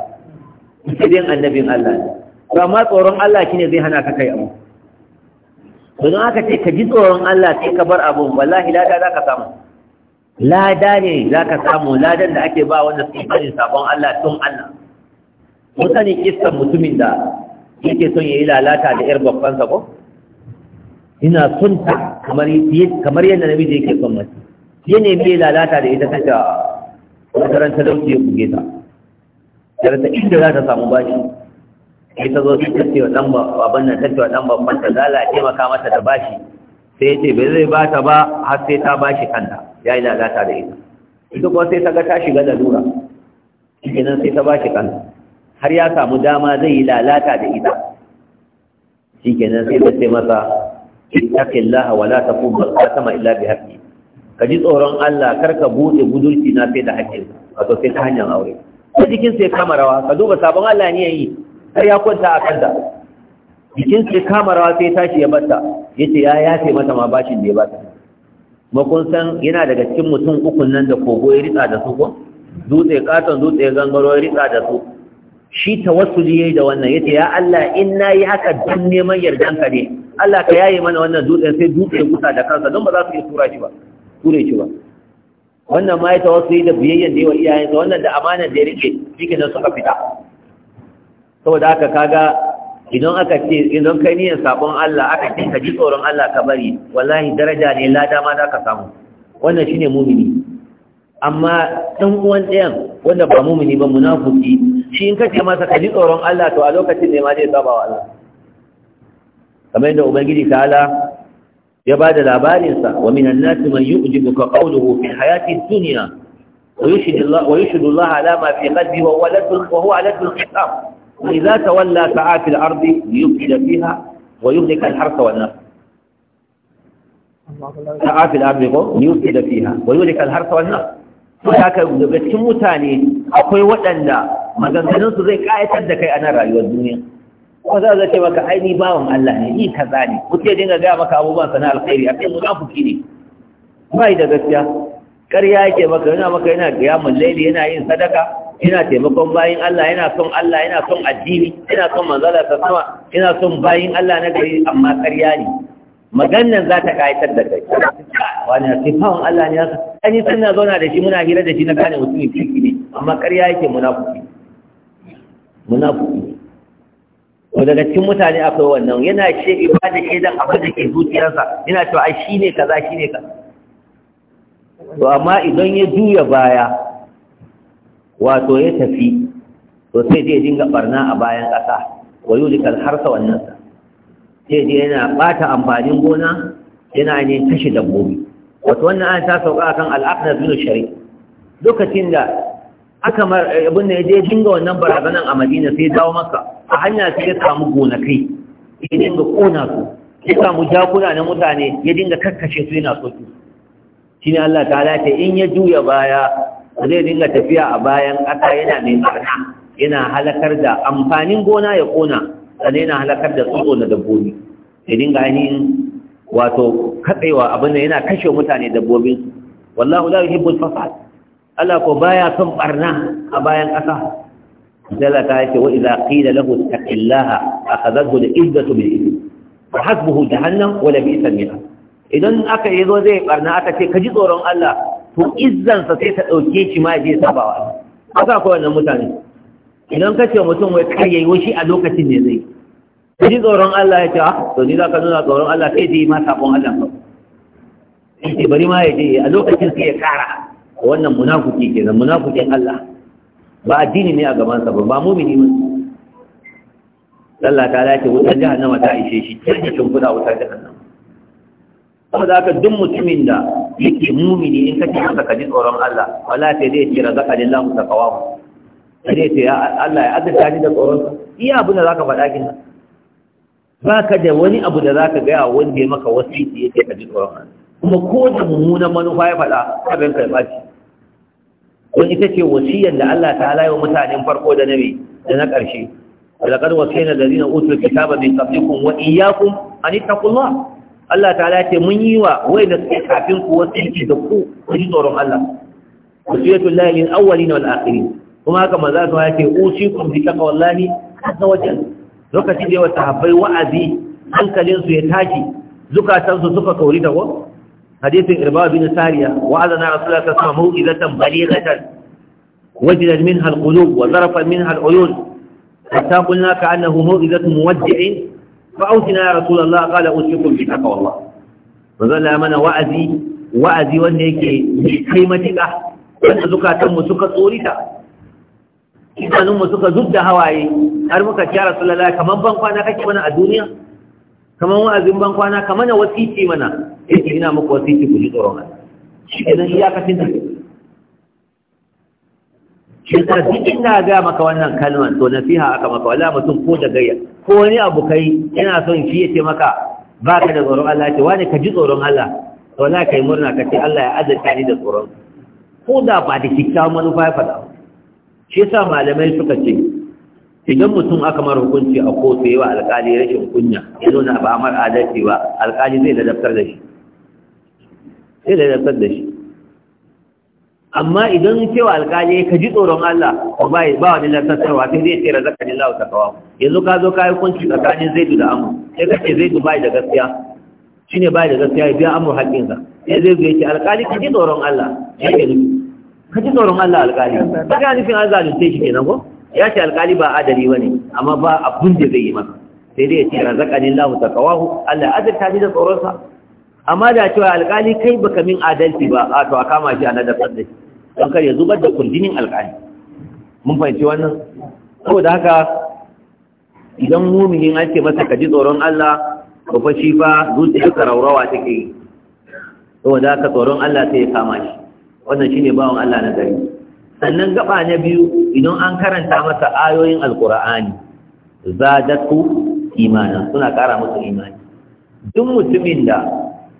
sai dai annabin Allah ne to amma tsoron Allah shine zai hana ka kai abu don aka ce ka ji tsoron Allah sai ka bar abun wallahi lada za ka samu lada ne za ka samu ladan da ake ba wanda suke barin sabon Allah tun Allah mutane kissan mutumin da yake son ya yi lalata da ƴar babbansa ko ina son ta kamar kamar yadda namiji yake son mace ya nemi ya lalata da ita kanta ta talauci ya buge ta ta inda za ta samu bashi sai ta zo ta tace wa dan baban nan tace wa dan babban ta zala taimaka mata da bashi sai ya ce bai zai ba ta ba har sai ta bashi kanta ya yi lalata da ita ita kuma sai ta ga ta shiga da lura kenan sai ta bashi kanta har ya samu dama zai yi lalata da ita shi nan sai ta ce masa ittaqillaha wa la taqum bil sama illa bi haqqi ka ji tsoron Allah kar ka bude budurci na sai da haƙƙin wato sai ta hanyar aure sai jikin sai kama rawa ka duba sabon Allah ne yayi har ya kwanta a kanta jikin sai kama rawa sai tashi ya bata yace ya yafe mata ma bashin da ya bata makon san yana daga cikin mutum ukun nan da kogo ya ritsa da su ko dutse katon dutse gangaro ya ritsa da su shi tawassuli yayi da wannan yace ya Allah in nayi haka don neman yardanka ne Allah ka yaye mana wannan dutsen sai dutse kusa da kansa don ba za su iya tura shi ba ture shi ba wannan ma ya tawassuli da biyayyen da yawa iyayensa wannan da amana da ya rike shike nan suka fita saboda haka kaga idan aka ce idan kai niyyar sabon Allah aka ce ka ji tsoron Allah ka bari wallahi daraja ne lada ma za ka samu wannan shine mumini amma dan uwan ɗayan wanda ba mumini ba munafiki shi in kace masa kaji tsoron Allah to a lokacin ne ma zai saba wa Allah kamar yadda ubangiji ta'ala ya bada labarin sa wa minan nasi man yu'jibuka qawluhu fi hayati dunya wa yushhidu Allah wa yushhidu Allah ala ma fi qalbi wa huwa ladul wa huwa ladul khitab wa idza tawalla sa'a fil ardi yufsida fiha wa yuhlika al-harsa wan nafs sa'a fil ardi yufsida fiha wa yuhlika al-harsa wan nafs haka daga cikin mutane akwai waɗanda maganganunsu zai ƙayatar da kai a rayuwar duniya Kuma za a ce maka aini bawan Allah ne ni kaza ne mutum dinga gaya maka abubuwan sana alkhairi a kai munafiki ne yi da gaskiya ƙarya yake maka yana maka yana qiyamul laili yana yin sadaka yana taimakon bayin Allah yana son Allah yana son addini yana son manzala ta sama yana son bayin Allah na gari amma ƙarya ne maganan za ta kayatar da kai wani ya ce fawon Allah ne yasa an yi suna zauna da shi muna hira da shi na gane mutumin kiki ne amma ƙarya yake munafuki munafuki ko daga cikin mutane akwai wannan yana ce ibada ce dan abin da ke zuciyarsa yana cewa ai shine kaza shine kaza to amma idan ya juya baya wato ya tafi to sai zai dinga barna a bayan ƙasa wa yulikal harsa wannan sa sai je yana bata amfanin gona yana ne kashe dabbobi wato wannan an ta sauka kan al'aqna bin shari lokacin da aka mar abin da je dinga wannan barazanan a Madina sai dawo maka a hanya sai ya samu gonakai ya dinga kona su ya samu jakuna na mutane ya dinga kakkashe su yana su. shine Allah ta ta in ya juya baya zai dinga tafiya a bayan ƙasa yana mai barna yana halakar da amfanin gona ya kona sannan yana halakar da tsoro na dabbobi ya dinga ainihin wato katsewa abin yana kashe mutane dabbobin wallahu la yuhibbul fasad Allah ko baya son barna a bayan ƙasa dala ta yake wa idza qila lahu taqillaha akhadhahu al-izzatu bil ithm wa hasbuhu jahannam wa la bi'sa al-miha idan aka yazo zai barna aka ce kaji tsoron Allah to izzan sa sai ta dauke shi ma je sabawa aka ko wannan mutane idan ka ce mutum wai kar wa shi a lokacin ne zai ka ji tsoron Allah ya ce ah to ni za ka nuna tsoron Allah sai je ma sabon Allah ka ce bari ma ya je a lokacin sai ya kara wannan ke kenan munafukin Allah ba addini ne a gaban sa ba ba mumini ba Allah ta ce wutar jahannama ta ishe shi ta cikin kuda wutar jahannama za ka duk mutumin da yake mumini in kace masa ka ji tsoron Allah wala sai zai ce razaqalillahu kawaku. sai Allah ya azurta ni da tsoron iya abin da za ka faɗa gina? ba ka da wani abu da za ka gaya wanda ya maka ya yake ka ji tsoron kuma ko da mummunan manufa ya faɗa abin ka ba ce don ita ce wasiyar da Allah ta halaye mutanen farko da na da na ƙarshe da وصينا الذين اوتوا mai من kun, واياكم ان اتقوا الله Allah ta'ala ce mun yi wa wai da suke kafin ku wasu yi da ku ku ji tsoron Allah wasiyatu lillahi lil na wal akhirin kuma haka maza su ya ke uci kun fi taka wallahi kasa wajen lokacin da yawa sahabbai wa'azi hankalinsu ya tashi zukatansu suka kauri ta ko hadisin irba bin sariya wa'azana rasulullah sallallahu alaihi wasallam mau'izatan balighatan na منها القلوب وذرفت منها العيون حتى قلنا كأنه موئذة مودع فأوتنا يا رسول الله قال أوتيكم بتقوى الله فظل أمنا وأذي وأذي وأنك بقيمتك وأن زكاة suka tsorita. mu suka zub da hawaye har muka ce rasulullah kaman ban kwana kake mana a duniya kaman wa'azin ban kwana kaman na wasici mana yake ina muku wasici ku ji tsoron Allah idan iya ka tinda shi ta cikin ina ga maka wannan kalman? to nasiha aka maka wala mutum ko da gayya ko wani abu kai yana son shi ya ce maka baka da tsoron Allah ce wani ka ji tsoron Allah wala kai murna ka ce Allah ya azurta ni da tsoron ko da ba da kikkiawan manufa ya faɗa ba shi yasa malamai suka ce idan mutum aka mara hukunci a kotu yawa alkali rashin kunya ya nuna ba a mara adalci ba alkali zai ladabtar da shi zai ladabtar da shi amma idan cewa alkali ka ji tsoron Allah ko ba ba wani lantarkarwa sai zai tsira zaka ne Allah ta kawo yanzu ka zo kai hukunci tsakanin zaidu da amu sai ka ce zaidu bai da gaskiya shine bai da gaskiya ya biya amu haƙƙinsa sai zai zo ya ce alkali ka ji tsoron Allah ya ke nufi ka ji tsoron Allah alƙali ba ka nufin an zalunce shi kenan ko ya ce alƙali ba adali bane amma ba abun da zai yi maka sai dai ya ce razaqani Allah taqawahu Allah azurta ni da tsoron sa amma da cewa alƙali kai baka min adalci ba a to a kama shi a da da shi don kar ya zubar da kundinin alƙali mun fahimci wannan da haka idan muminin an ce masa ka ji tsoron Allah ko fa shi fa zuciya ka raurawa take yi da haka tsoron Allah sai ya kama shi wannan shine bawan Allah na gari sannan gaba na biyu idan an karanta masa ayoyin alqur'ani zadatu imana suna ƙara masa imani duk mutumin da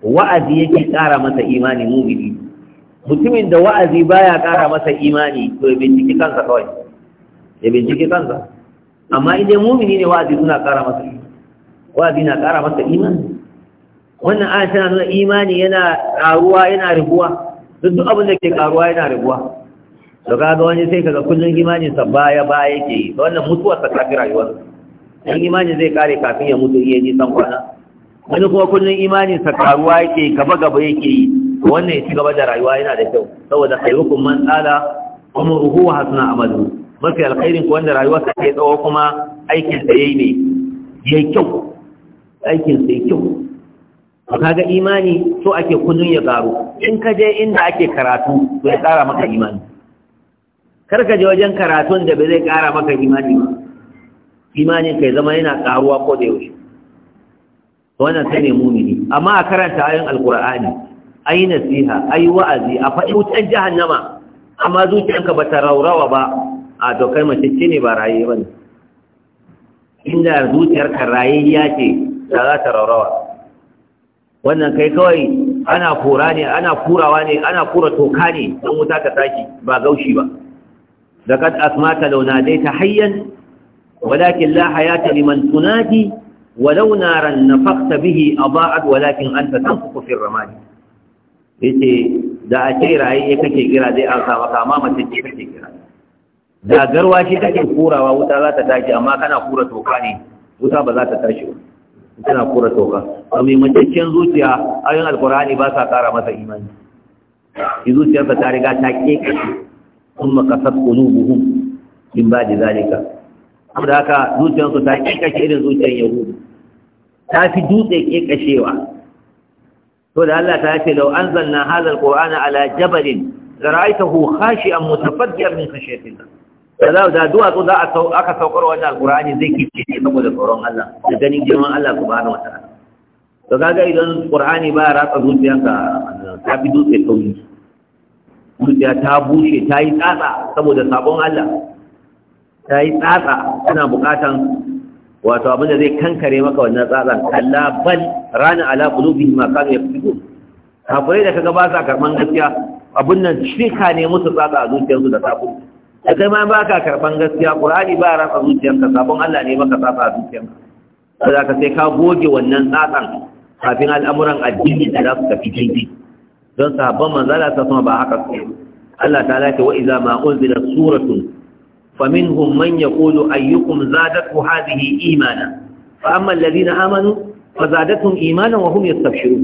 wa'azi yake ƙara masa imani mu'mini mutumin da wa'azi baya ƙara masa imani to ya binciki kansa kawai ya binciki kansa amma idan mu'mini ne wa'azi suna ƙara masa imani wa'azi na ƙara masa imani wannan aya tana nuna imani yana ƙaruwa yana rubuwa duk duk abin da ke karuwa yana rabuwa to kaga wani sai kaga kullun imani sa baya baya yake yi wannan mutuwar ta kafi rayuwar dan imanin zai kare kafin ya mutu iya ji san kwana wani kuma kullun imani sa karuwa yake gaba gaba yake yi wannan ya ci gaba da rayuwa yana da kyau saboda khairukum man tsala umruhu wa hasna amalu mafi alkhairin ku wanda rayuwar sa ke tsawo kuma aikin sa yayi ne yayi kyau aikin sa yayi kyau Ka kaga imani so ake kullun ya karu in ka je inda ake karatu to ya kara maka imani kar ka je wajen karatun da bai zai kara maka imani ba imanin kai zama yana karuwa ko da yaushe wannan sai ne mumini amma a karanta ayoyin alqur'ani ayi nasiha ayi wa'azi a faɗi wutan jahannama amma zuciyanka ba ta raurawa ba a to kai mace ce ne ba raye ba ne inda zuciyarka raye ya ce za ta raurawa wannan kai kawai ana kura ne ana kurawa ne ana kura toka ne don wuta ta tashi ba gaushi ba da kad asmata launa dai ta hayyan walakin la hayata liman tunadi walau naran nafaqta bihi adaa'at walakin anta tanfuqu fi ramani yace da a ce raye kake kira dai an sa maka amma mace ce kake kira da garwa shi kake kurawa wuta za ta tashi amma kana kura toka ne wuta ba za ta tashi ba tana kura toka a mai matacciyar zuciya ayon alkurani ba sa kara masa imani ki zuciyarsa ta riga ta keka sun makasar kulubuhum in ba da zalika da haka zuciyarsu ta keka irin zuciyar yahudu ta fi dutse kekashewa to da Allah ta ce lau an zanna hazar alqur'ana ala jabalin la a khashi'an mutafaddiyan min kashe da da duwatsu za a aka saukar wajen alkur'ani zai kice ne saboda tsoron Allah da ganin girman Allah subhanahu wa ta'ala to kaga idan qur'ani ba ratsa zuciyanka ta bi dutse kauri zuciya ta bushe ta yi tsatsa saboda sabon Allah ta yi tsatsa tana bukatan wato abin da zai kankare maka wannan tsatsan kalla bal rana ala qulubi ma kanu yafidun kafirai da kaga ba sa karban gaskiya abin nan ka ne musu tsatsa a zuciyarsu da sabon da kai ma ba ka karɓan gaskiya ƙur'ani ba rasa zuciyarka sabon Allah ne maka tsatsa a zuciyarka saboda ka sai ka goge wannan tsatsan kafin al'amuran addini da za su tafi daidai don sahabban manzala ta sama ba haka su Allah ta lati wa iza ma unzila suratun faminhum man yaqulu ayyukum zadatu hadhihi imana fa amma alladhina amanu fa zadatuhum imana wa hum yastabshirun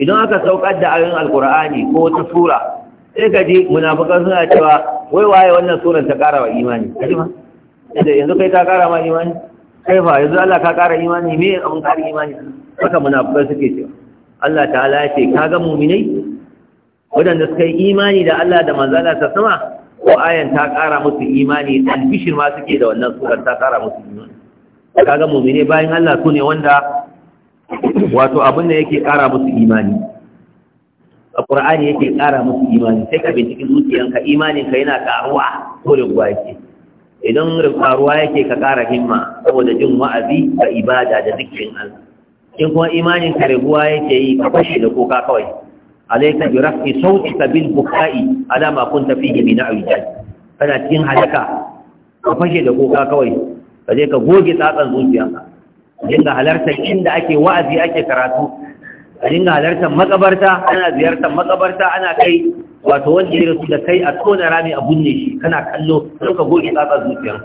idan aka saukar da ayoyin alqur'ani ko wata sura sai ka ji munafukan suna cewa wai waye wannan suran ta kara wa imani kaji ma yanzu kai ta kara ma imani kai fa yanzu Allah ka ƙara imani me abin ƙara imani haka munafukan suke cewa Allah ta'ala ya ce ka ga muminai waɗanda suka yi imani da Allah da manzala ta sama ko ayan ta kara musu imani bishir ma suke da wannan suran ta kara musu imani ka ga muminai bayan Allah su ne wanda wato abin da yake kara musu imani a ƙur'ani yake ƙara musu imani sai ka binciki zuciyanka imaninka yana ƙaruwa ko raguwa yake idan ƙaruwa yake ka ƙara himma saboda jin wa'azi da ibada da zikirin Allah in kuma imaninka raguwa yake yi ka fashe da kuka kawai alaika bi rafi ka bil bukai ala ma kunta fihi min awijaj kana cikin halaka ka fashe da kuka kawai ka je ka goge tsatsan zuciyanka inda halartar inda ake wa'azi ake karatu a dinga halartar makabarta ana ziyartar makabarta ana kai wato wanda ya rasu da kai a tona rami a bunne shi kana kallo don ka goge tsatsa zuciyar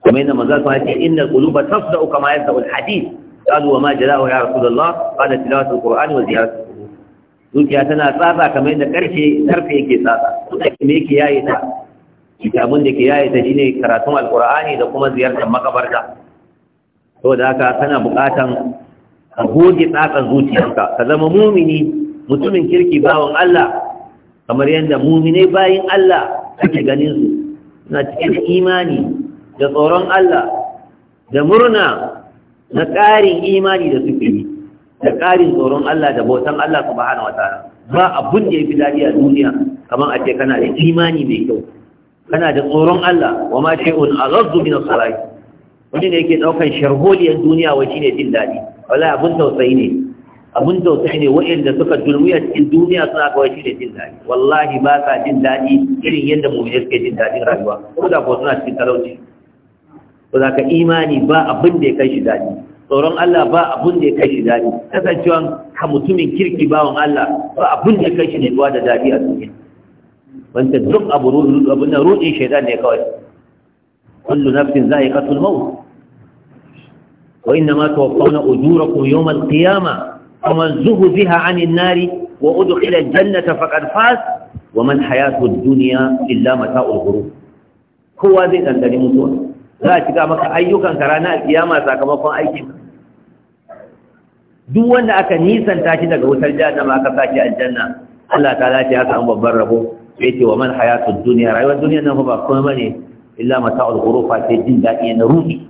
kuma yana maza su hake inna quluba tasda'u kama da al-hadith qalu wa ma wa ya ba da tilawa al Kur'an wa ziyaratu zuciya tana tsatsa kamar yadda karfe karfe yake tsatsa kuma me yake yaye ta kitabun da ke yaye ta shine karatun Alkur'ani da kuma ziyartar makabarta saboda haka kana buƙatan ka goge tsakan zuciyarka ka zama mumini mutumin kirki bawan Allah kamar yadda mumine bayin Allah kake ganin su na cikin imani da tsoron Allah da murna na ƙarin imani da suke yi da ƙarin tsoron Allah da bautan Allah subhanahu wataala ba abun da yafi dadi a duniya kamar a ce kana da imani mai kyau kana da tsoron Allah wa ma shay'un aghaddu min as-salati wani ne yake daukan sharholiyar duniya wai shine jin daɗi wallahi abun tausayi ne abun tausayi ne waɗanda suka dulmiya cikin duniya suna kawai ne jin daɗi wallahi ba sa jin daɗi irin yadda mu ne suke jin daɗin rayuwa ko da ko suna cikin talauci ko da ka imani ba abun da ya kai shi daɗi tsoron Allah ba abun da ya kai shi daɗi kasancewa ka mutumin kirki bawan Allah ba abun da ya kai shi ne da daɗi a duniya wanda duk abu abun da ruɗin shaidan ne kawai kullu nafsin za'iqatul maut Wain inna ma tuwaffawna ujurakum yawmal qiyamah faman zuhziha 'anil nari wa udkhila al-jannata faqad faz wa man hayatu ad illa mata'ul ghurur kowa zai dangane mutuwa za a shiga maka ayyukan ka ranar kiyama sakamakon aikin duk wanda aka nisanta shi daga wutar jahannama aka saki aljanna Allah ta lati haka an babban rabo ya ce wa man hayatu duniya rayuwar duniya nan ba kuma bane illa mata'ul ghurur fa jin daɗi na ruhi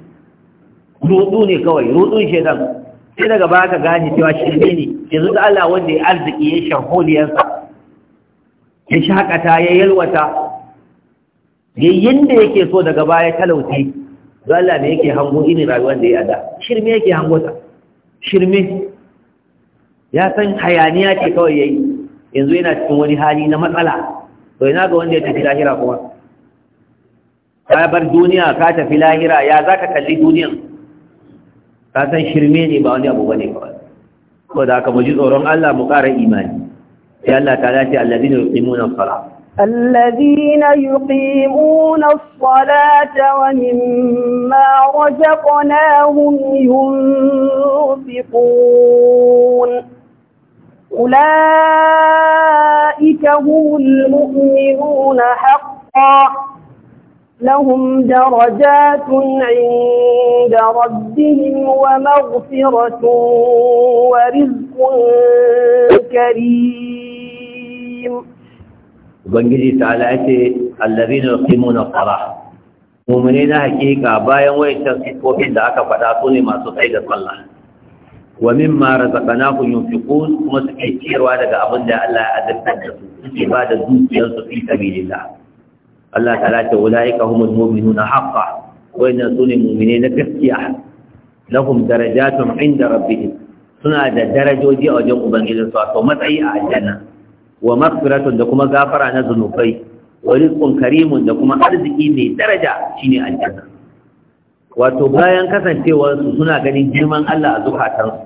rudu ne kawai rudun shedan sai daga ba ka gane cewa shirme ne yanzu da Allah wanda ya arziki ya shahuliyarsa ya shakata ya yalwata ya yinda yake so daga baya talauci don Allah ne yake hango irin rayuwar da ya da shirme yake hango ta shirme ya san hayaniya ce kawai ya yi. yanzu yana cikin wani hali na matsala to yana ga wanda ya tafi lahira kuma ka bar duniya ka tafi lahira ya za ka kalli duniyan ka san shirme ne ba wani abu bane kawai ko da aka muji tsoron Allah mu ƙara imani sai Allah ta dace alladhina yuqimuna as alladhina yuqimuna as-salata wa mimma rajaqnahum yunfiqun أولئك هم المؤمنون حقا لهم درجات عند ربهم ومغفرة ورزق كريم Ubangiji ta'ala ya ce, Allabi na simu na fara, mummune na hakika bayan wayancan siffofin da aka faɗa su ne masu sai da sallah. Wa min ma razaqana ku yunfiqun kuma suke ciyarwa daga abinda da Allah ya azabtar da su, suke ba da dukiyar su fi sabilillah. Allah ta'ala ta ulaika humul mu'minuna haqqan wayannan sune mu'mine na gaskiya lahum darajatun inda rabbihim suna da darajoji a wajen ubangijin su wato matsayi a aljanna wa maghfiratun da kuma gafara na zunubai wa rizqun karimun da kuma arziki mai daraja shine aljanna wato bayan kasancewarsu suna ganin girman Allah a zukatansu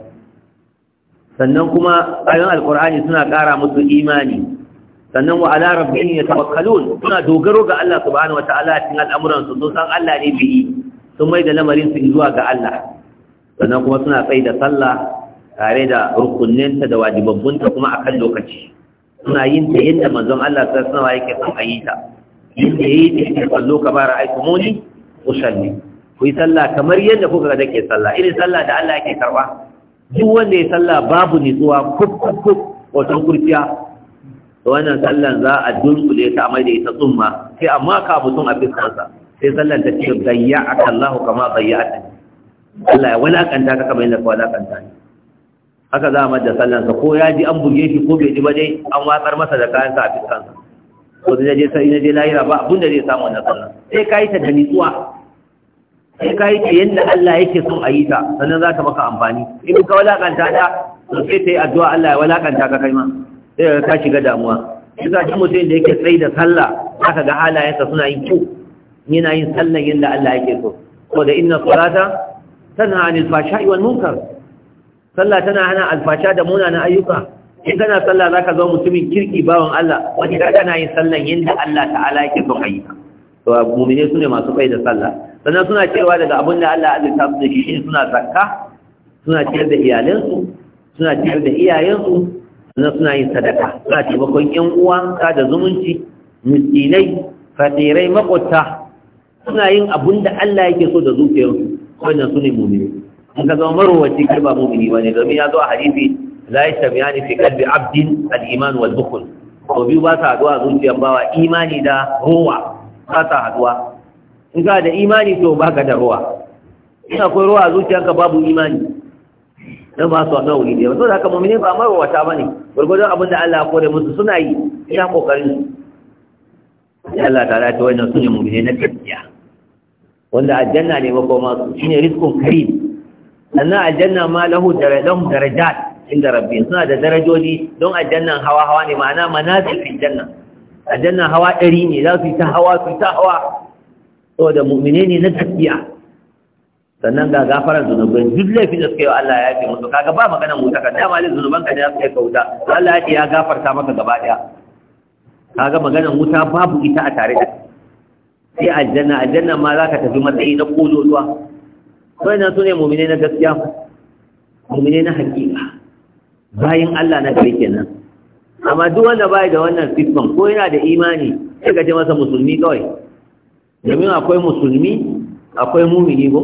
sannan kuma ayoyin alkur'ani suna ƙara musu imani sannan wa ala rabbihim yatawakkalun suna dogaro ga Allah subhanahu wataala cikin al'amuran su sun san Allah ne bi sun mai da lamarin su zuwa ga Allah sannan kuma suna tsaye da sallah tare da rukunninta da wajibabbunta kuma akan lokaci suna yin ta yadda manzon Allah sallallahu alaihi wasallam yake son a yi ta yadda yayi ta yake kallo kamar aikumuni usalli ku yi sallah kamar yadda kuka ga ke sallah irin sallah da Allah yake karba duk wanda ya sallah babu nutsuwa kuf kuf kuf wato kurciya to wannan sallan za a dunkule ta mai da ita tsumma sai amma ka mutum a fiskansa sai sallan ta ce bayya akallahu kama bayya Allah ya walakanta ka kamar yadda ka walakanta ni haka za a madda sallansa ko ya ji an buge shi ko bai ji ba dai an watsar masa da kayansa a fiskansa ko da je sai na je lahira ba abin da zai samu na sallah sai ka yi ta da nitsuwa sai ka yi ta yadda Allah yake son a yi ta sannan za ta maka amfani in ka walakanta ta to sai ta yi addu'a Allah ya walakanta ka kai ma sai ka shiga damuwa shi za ki mutum da yake tsaye da sallah aka ga halayensa suna yin kyau yana yin sallan yadda Allah yake so ko da inna salata tana anil fashai wal munkar sallah tana hana alfasha da munanan ayyuka in kana sallah zaka zo mutumin kirki bawan Allah wani da kana yin sallan yadda Allah ta'ala yake so kai to mu'mini sune masu bai da sallah sannan suna cewa daga abin da Allah ya ta su shi suna zakka suna ciyar da iyalansu suna ciyar da iyayensu na suna yin sadaka suna bakon yan uwa da zumunci miskinai fadirai makwata suna yin abun da Allah yake so da zuciyarsu wannan su ne mumini an ka zama marowaci kai ba mumini ba ne domin ya zo a hadisi la yastamiyani fi kalbi abdin al-iman wal bukhl to biyu ba sa haduwa zuciyar bawa imani da ruwa ba sa haduwa in ka da imani to baka da ruwa in akwai ruwa zuciyarka babu imani dan ba su a wuri da yawa saboda haka wata ba marwata bane abin da Allah ya kore musu suna yi iya kokarin su ya Allah ta rata wannan su ne mu'mini na gaskiya wanda aljanna ne ba su shine rizqun karim sannan aljanna ma lahu darajan darajat inda rabbi suna da darajoji don aljannan hawa-hawa ne ma'ana manazil fi janna Aljanna hawa ɗari ne za su yi ta hawa su yi ta hawa saboda mu'mine ne na gaskiya sannan ga gafarar zunubai duk laifin da suka yi Allah ya ce musu kaga ba magana wuta ka dama ne zunuban ka ne ya kai kauta Allah ya ce ya gafarta maka gaba daya kaga maganar wuta babu ita a tare da sai aljanna aljanna ma za ka tafi matsayi na kololuwa wannan sune mu'mine na gaskiya mu'mine na hakika bayin Allah na gari kenan amma duk wanda bai da wannan sifan ko yana da imani sai ka ce masa musulmi kawai domin akwai musulmi akwai mumini ko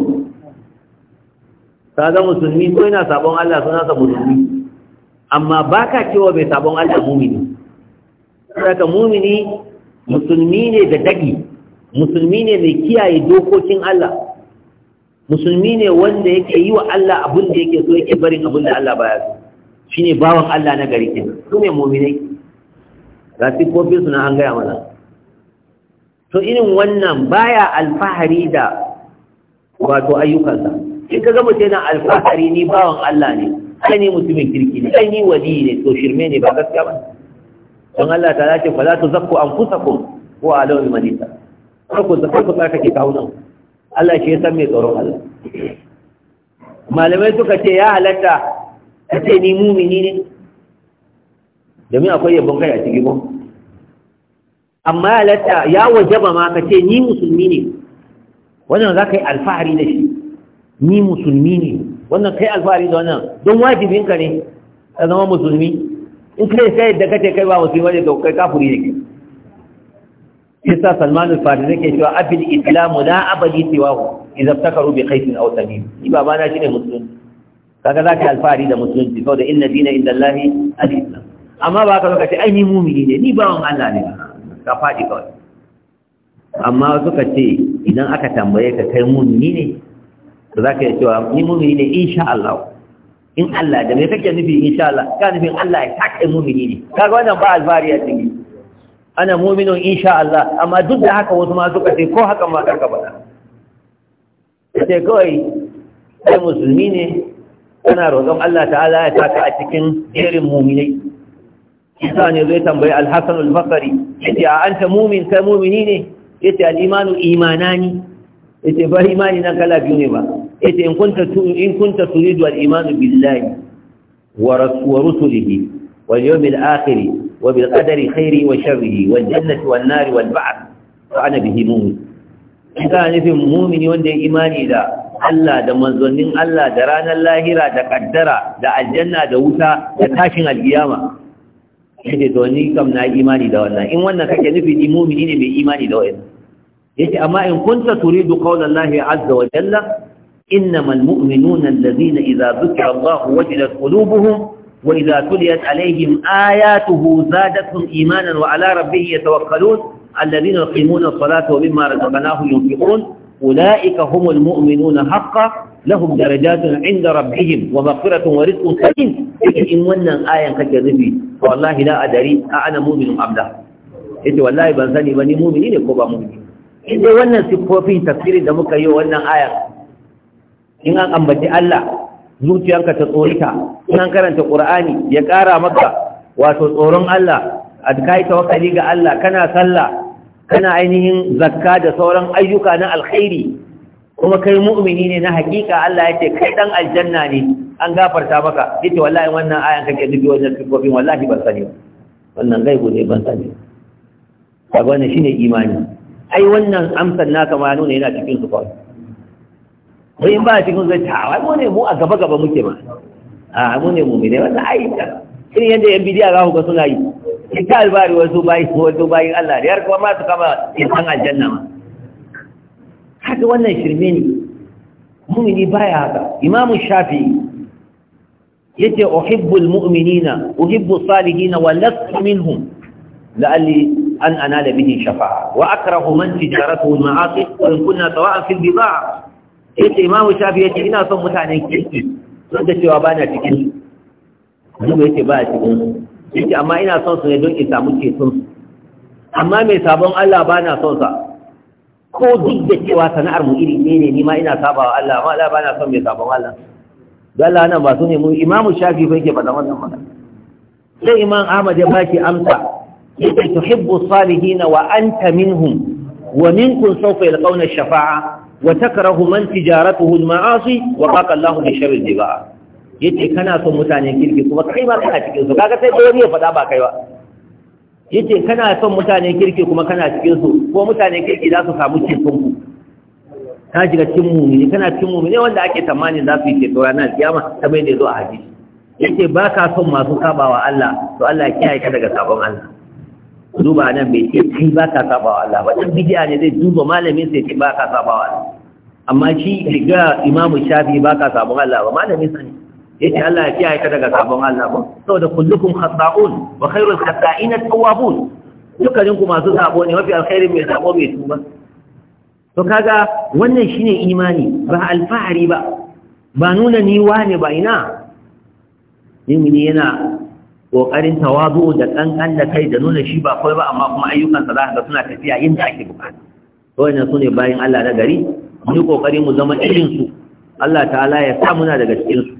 kaga musulmi ko yana sabon Allah suna sa musulmi amma baka cewa bai sabon Allah mumini saka mumini musulmi ne da dagi musulmi ne mai kiyaye dokokin Allah musulmi ne wanda yake yi wa Allah abin da yake so yake barin abin da Allah baya so shine bawan Allah na gari kenan su ne muminai ga sifofin su na an gaya mana to irin wannan baya alfahari da wato ayyukansa in ka gama sai na alfahari ni bawan Allah ne kai ni mutumin kirki ne kai ni wali ne to shirme ne ba gaskiya ba don Allah ta ce fa la tuzakku anfusakum wa alaw bi manita kar ku zakka ku tsaka ki kawo nan Allah shi ya san me tsoron Allah malamai suka ce ya halatta ka ce ni mumini ne domin akwai yabon kai a cikin mu amma ya halatta ya wajaba ma ka ce ni musulmi ne wannan za ka yi alfahari da shi ni musulmi ne wannan kai alfahari da wannan don wajibin ka ne ka zama musulmi in kai sai da kace kai ba musulmi ne kai kafiri ne kisa salman alfahari ne ke cewa abil islamu la abadi siwahu idza takaru bi khaytin aw tamim ni baba na shine musulmi kaga zaka alfahari da musulmi ko da inna dina indallahi al-islam amma ba ka lokaci ai ni mumini ne ni bawan Allah ne ka fadi kawai amma suka ce idan aka tambaye ka kai mumini ne da za ka yi cewa ni mumini ne insha Allah in Allah da me kake nufi insha Allah ka nufin Allah ya sa kai mumini ne kaga wannan ba alfari a cikin ana muminun insha Allah amma duk da haka wasu ma suka ce ko haka ma karka faɗa sai kawai sai musulmi ne kana roƙon Allah ta'ala ya saka a cikin jerin muminai isa ne zai tambayi Alhassan hasan al-Bakari yace a anta mumin kai mumini ne yace al-imanu imanani yace ba imani na kala biyu ne ba yace in kunta in kunta turidu al-iman billahi wa rasulihi wal yawmil akhir wa bil qadari khairi wa sharrihi wal jannati wan nari wal ba'd fa ana bihi mu'min nufin mu'mini wanda ya imani da Allah da manzonin Allah da ranar lahira da kaddara da aljanna da wuta da tashin alkiyama shi ne to ni kam na imani da wannan in wannan kake nufi ni mu'mini ne mai imani da wannan yake amma in kunta turidu qawla Allahi azza wa jalla innamal mu'minuna alladhina idha dhukira Allahu wajilat qulubuhum wa idha tuliyat alayhim ayatuhu zadatuhum imanan wa ala rabbihim yatawakkalun alladhina yuqimuna as-salata wa mimma razaqnahum yunfiqun ulaika humul mu'minuna haqqan lahum darajatun 'inda rabbihim wa maghfiratun wa rizqun karim in wannan ayan kake rubi wallahi la adari a ana mu'minun abda ita wallahi ban sani ba ni mu'mini ne ko ba mu'mini in wannan siffofin tafsirin da muka yi wannan ayar in an ambaci Allah zuciyanka ta tsorita in an karanta Qur'ani ya ƙara maka wato tsoron Allah adkai tawakkali ga Allah kana sallah kana ainihin zakka da sauran ayyuka na alkhairi kuma kai mu'mini ne na hakika Allah yake kai dan aljanna ne an gafarta maka yace wallahi wannan ayan kake dubi wannan siffofin wallahi ban sani wannan gaibu ne ban sani kaga wannan shine imani ai wannan amsar naka ma nuna yana cikin su kawai ko in ba cikin zai ta ah, wai mu ne mu a gaba gaba muke ma a ah, mu ne mu ne wannan ai ta irin yadda yan bidiya za ku ga suna yi ita albari wasu bayi wasu bayi Allah da yar kuma ma su kama san aljanna ma haka wannan shirme ne mumini baya haka imamu shafi yace uhibbul mu'minina uhibbu salihina wa lasu minhum la'alli an anala bihi shafa. wa akrahu man tijaratuhu al-ma'asi wa in kunna sawa'an fil bida'a yace imamu shafi yace ina son mutanen kirki duk da cewa bana cikin su duk yace ba a cikin su yace amma ina son su ne don in samu ceton amma mai sabon Allah bana son sa ko duk da cewa sana'ar mu iri ɗaya ne ni ma ina sabawa Allah amma Allah bana son mai sabon Allah don nan ba su ne mu imamu shafi fa yake faɗa wannan magana sai imam Ahmad ya bashi amsa yake tuhibbu salihin wa anta minhum wa minkum sawfa yalqawna ash-shafa'a wa takrahu man tijaratuhu al-ma'asi wa qala Allahu bi sharri al-jibaa yace kana son mutane kirki kuma kai ma kana cikin su kaga sai dole ya fada ba kai ba yace kana son mutane kirki kuma kana cikin su ko mutane kirki za su samu cikin ku ka jira cikin mumini kana cikin mumini wanda ake tamani za su yi ceto ranar kiyama ta yadda ya zo a hadisi yace ba ka son masu sabawa Allah to Allah ya kiyaye ka daga sabon Allah duba nan bai ce kai ba ka saba wa Allah ba dan bid'a ne zai duba malamin sai ce ba ka saba wa Allah amma shi riga imamu shafi ba ka wa Allah ba malamin sani. Ya yace Allah ya kiyaye ka daga sabon Allah ba saboda kullukum khata'un wa khairul khata'in at-tawwabun dukkanin ku masu sabo ne mafi alkhairin mai sabo mai tuba to kaga wannan shine imani ba alfahari ba ba nuna ni wane ba ina mimini yana kokarin tawazu da kankan da kai da nuna shi ba kai ba amma kuma ayyukansa za ka suna tafiya yadda ake bukata to wannan sune bayan Allah na gari mu kokari mu zama irin su Allah ta'ala ya sa muna daga cikin su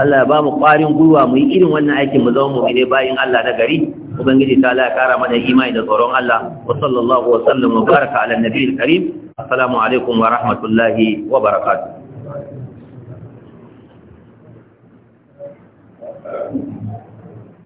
Allah ya ba mu ƙwarin gwiwa mu yi irin wannan aikin mu zama mu'mine bayan Allah na gari ubangiji ta'ala ya kara mana imani da tsoron Allah wa sallallahu wa sallam wa baraka ala nabiyil karim assalamu alaikum wa rahmatullahi wa barakatuh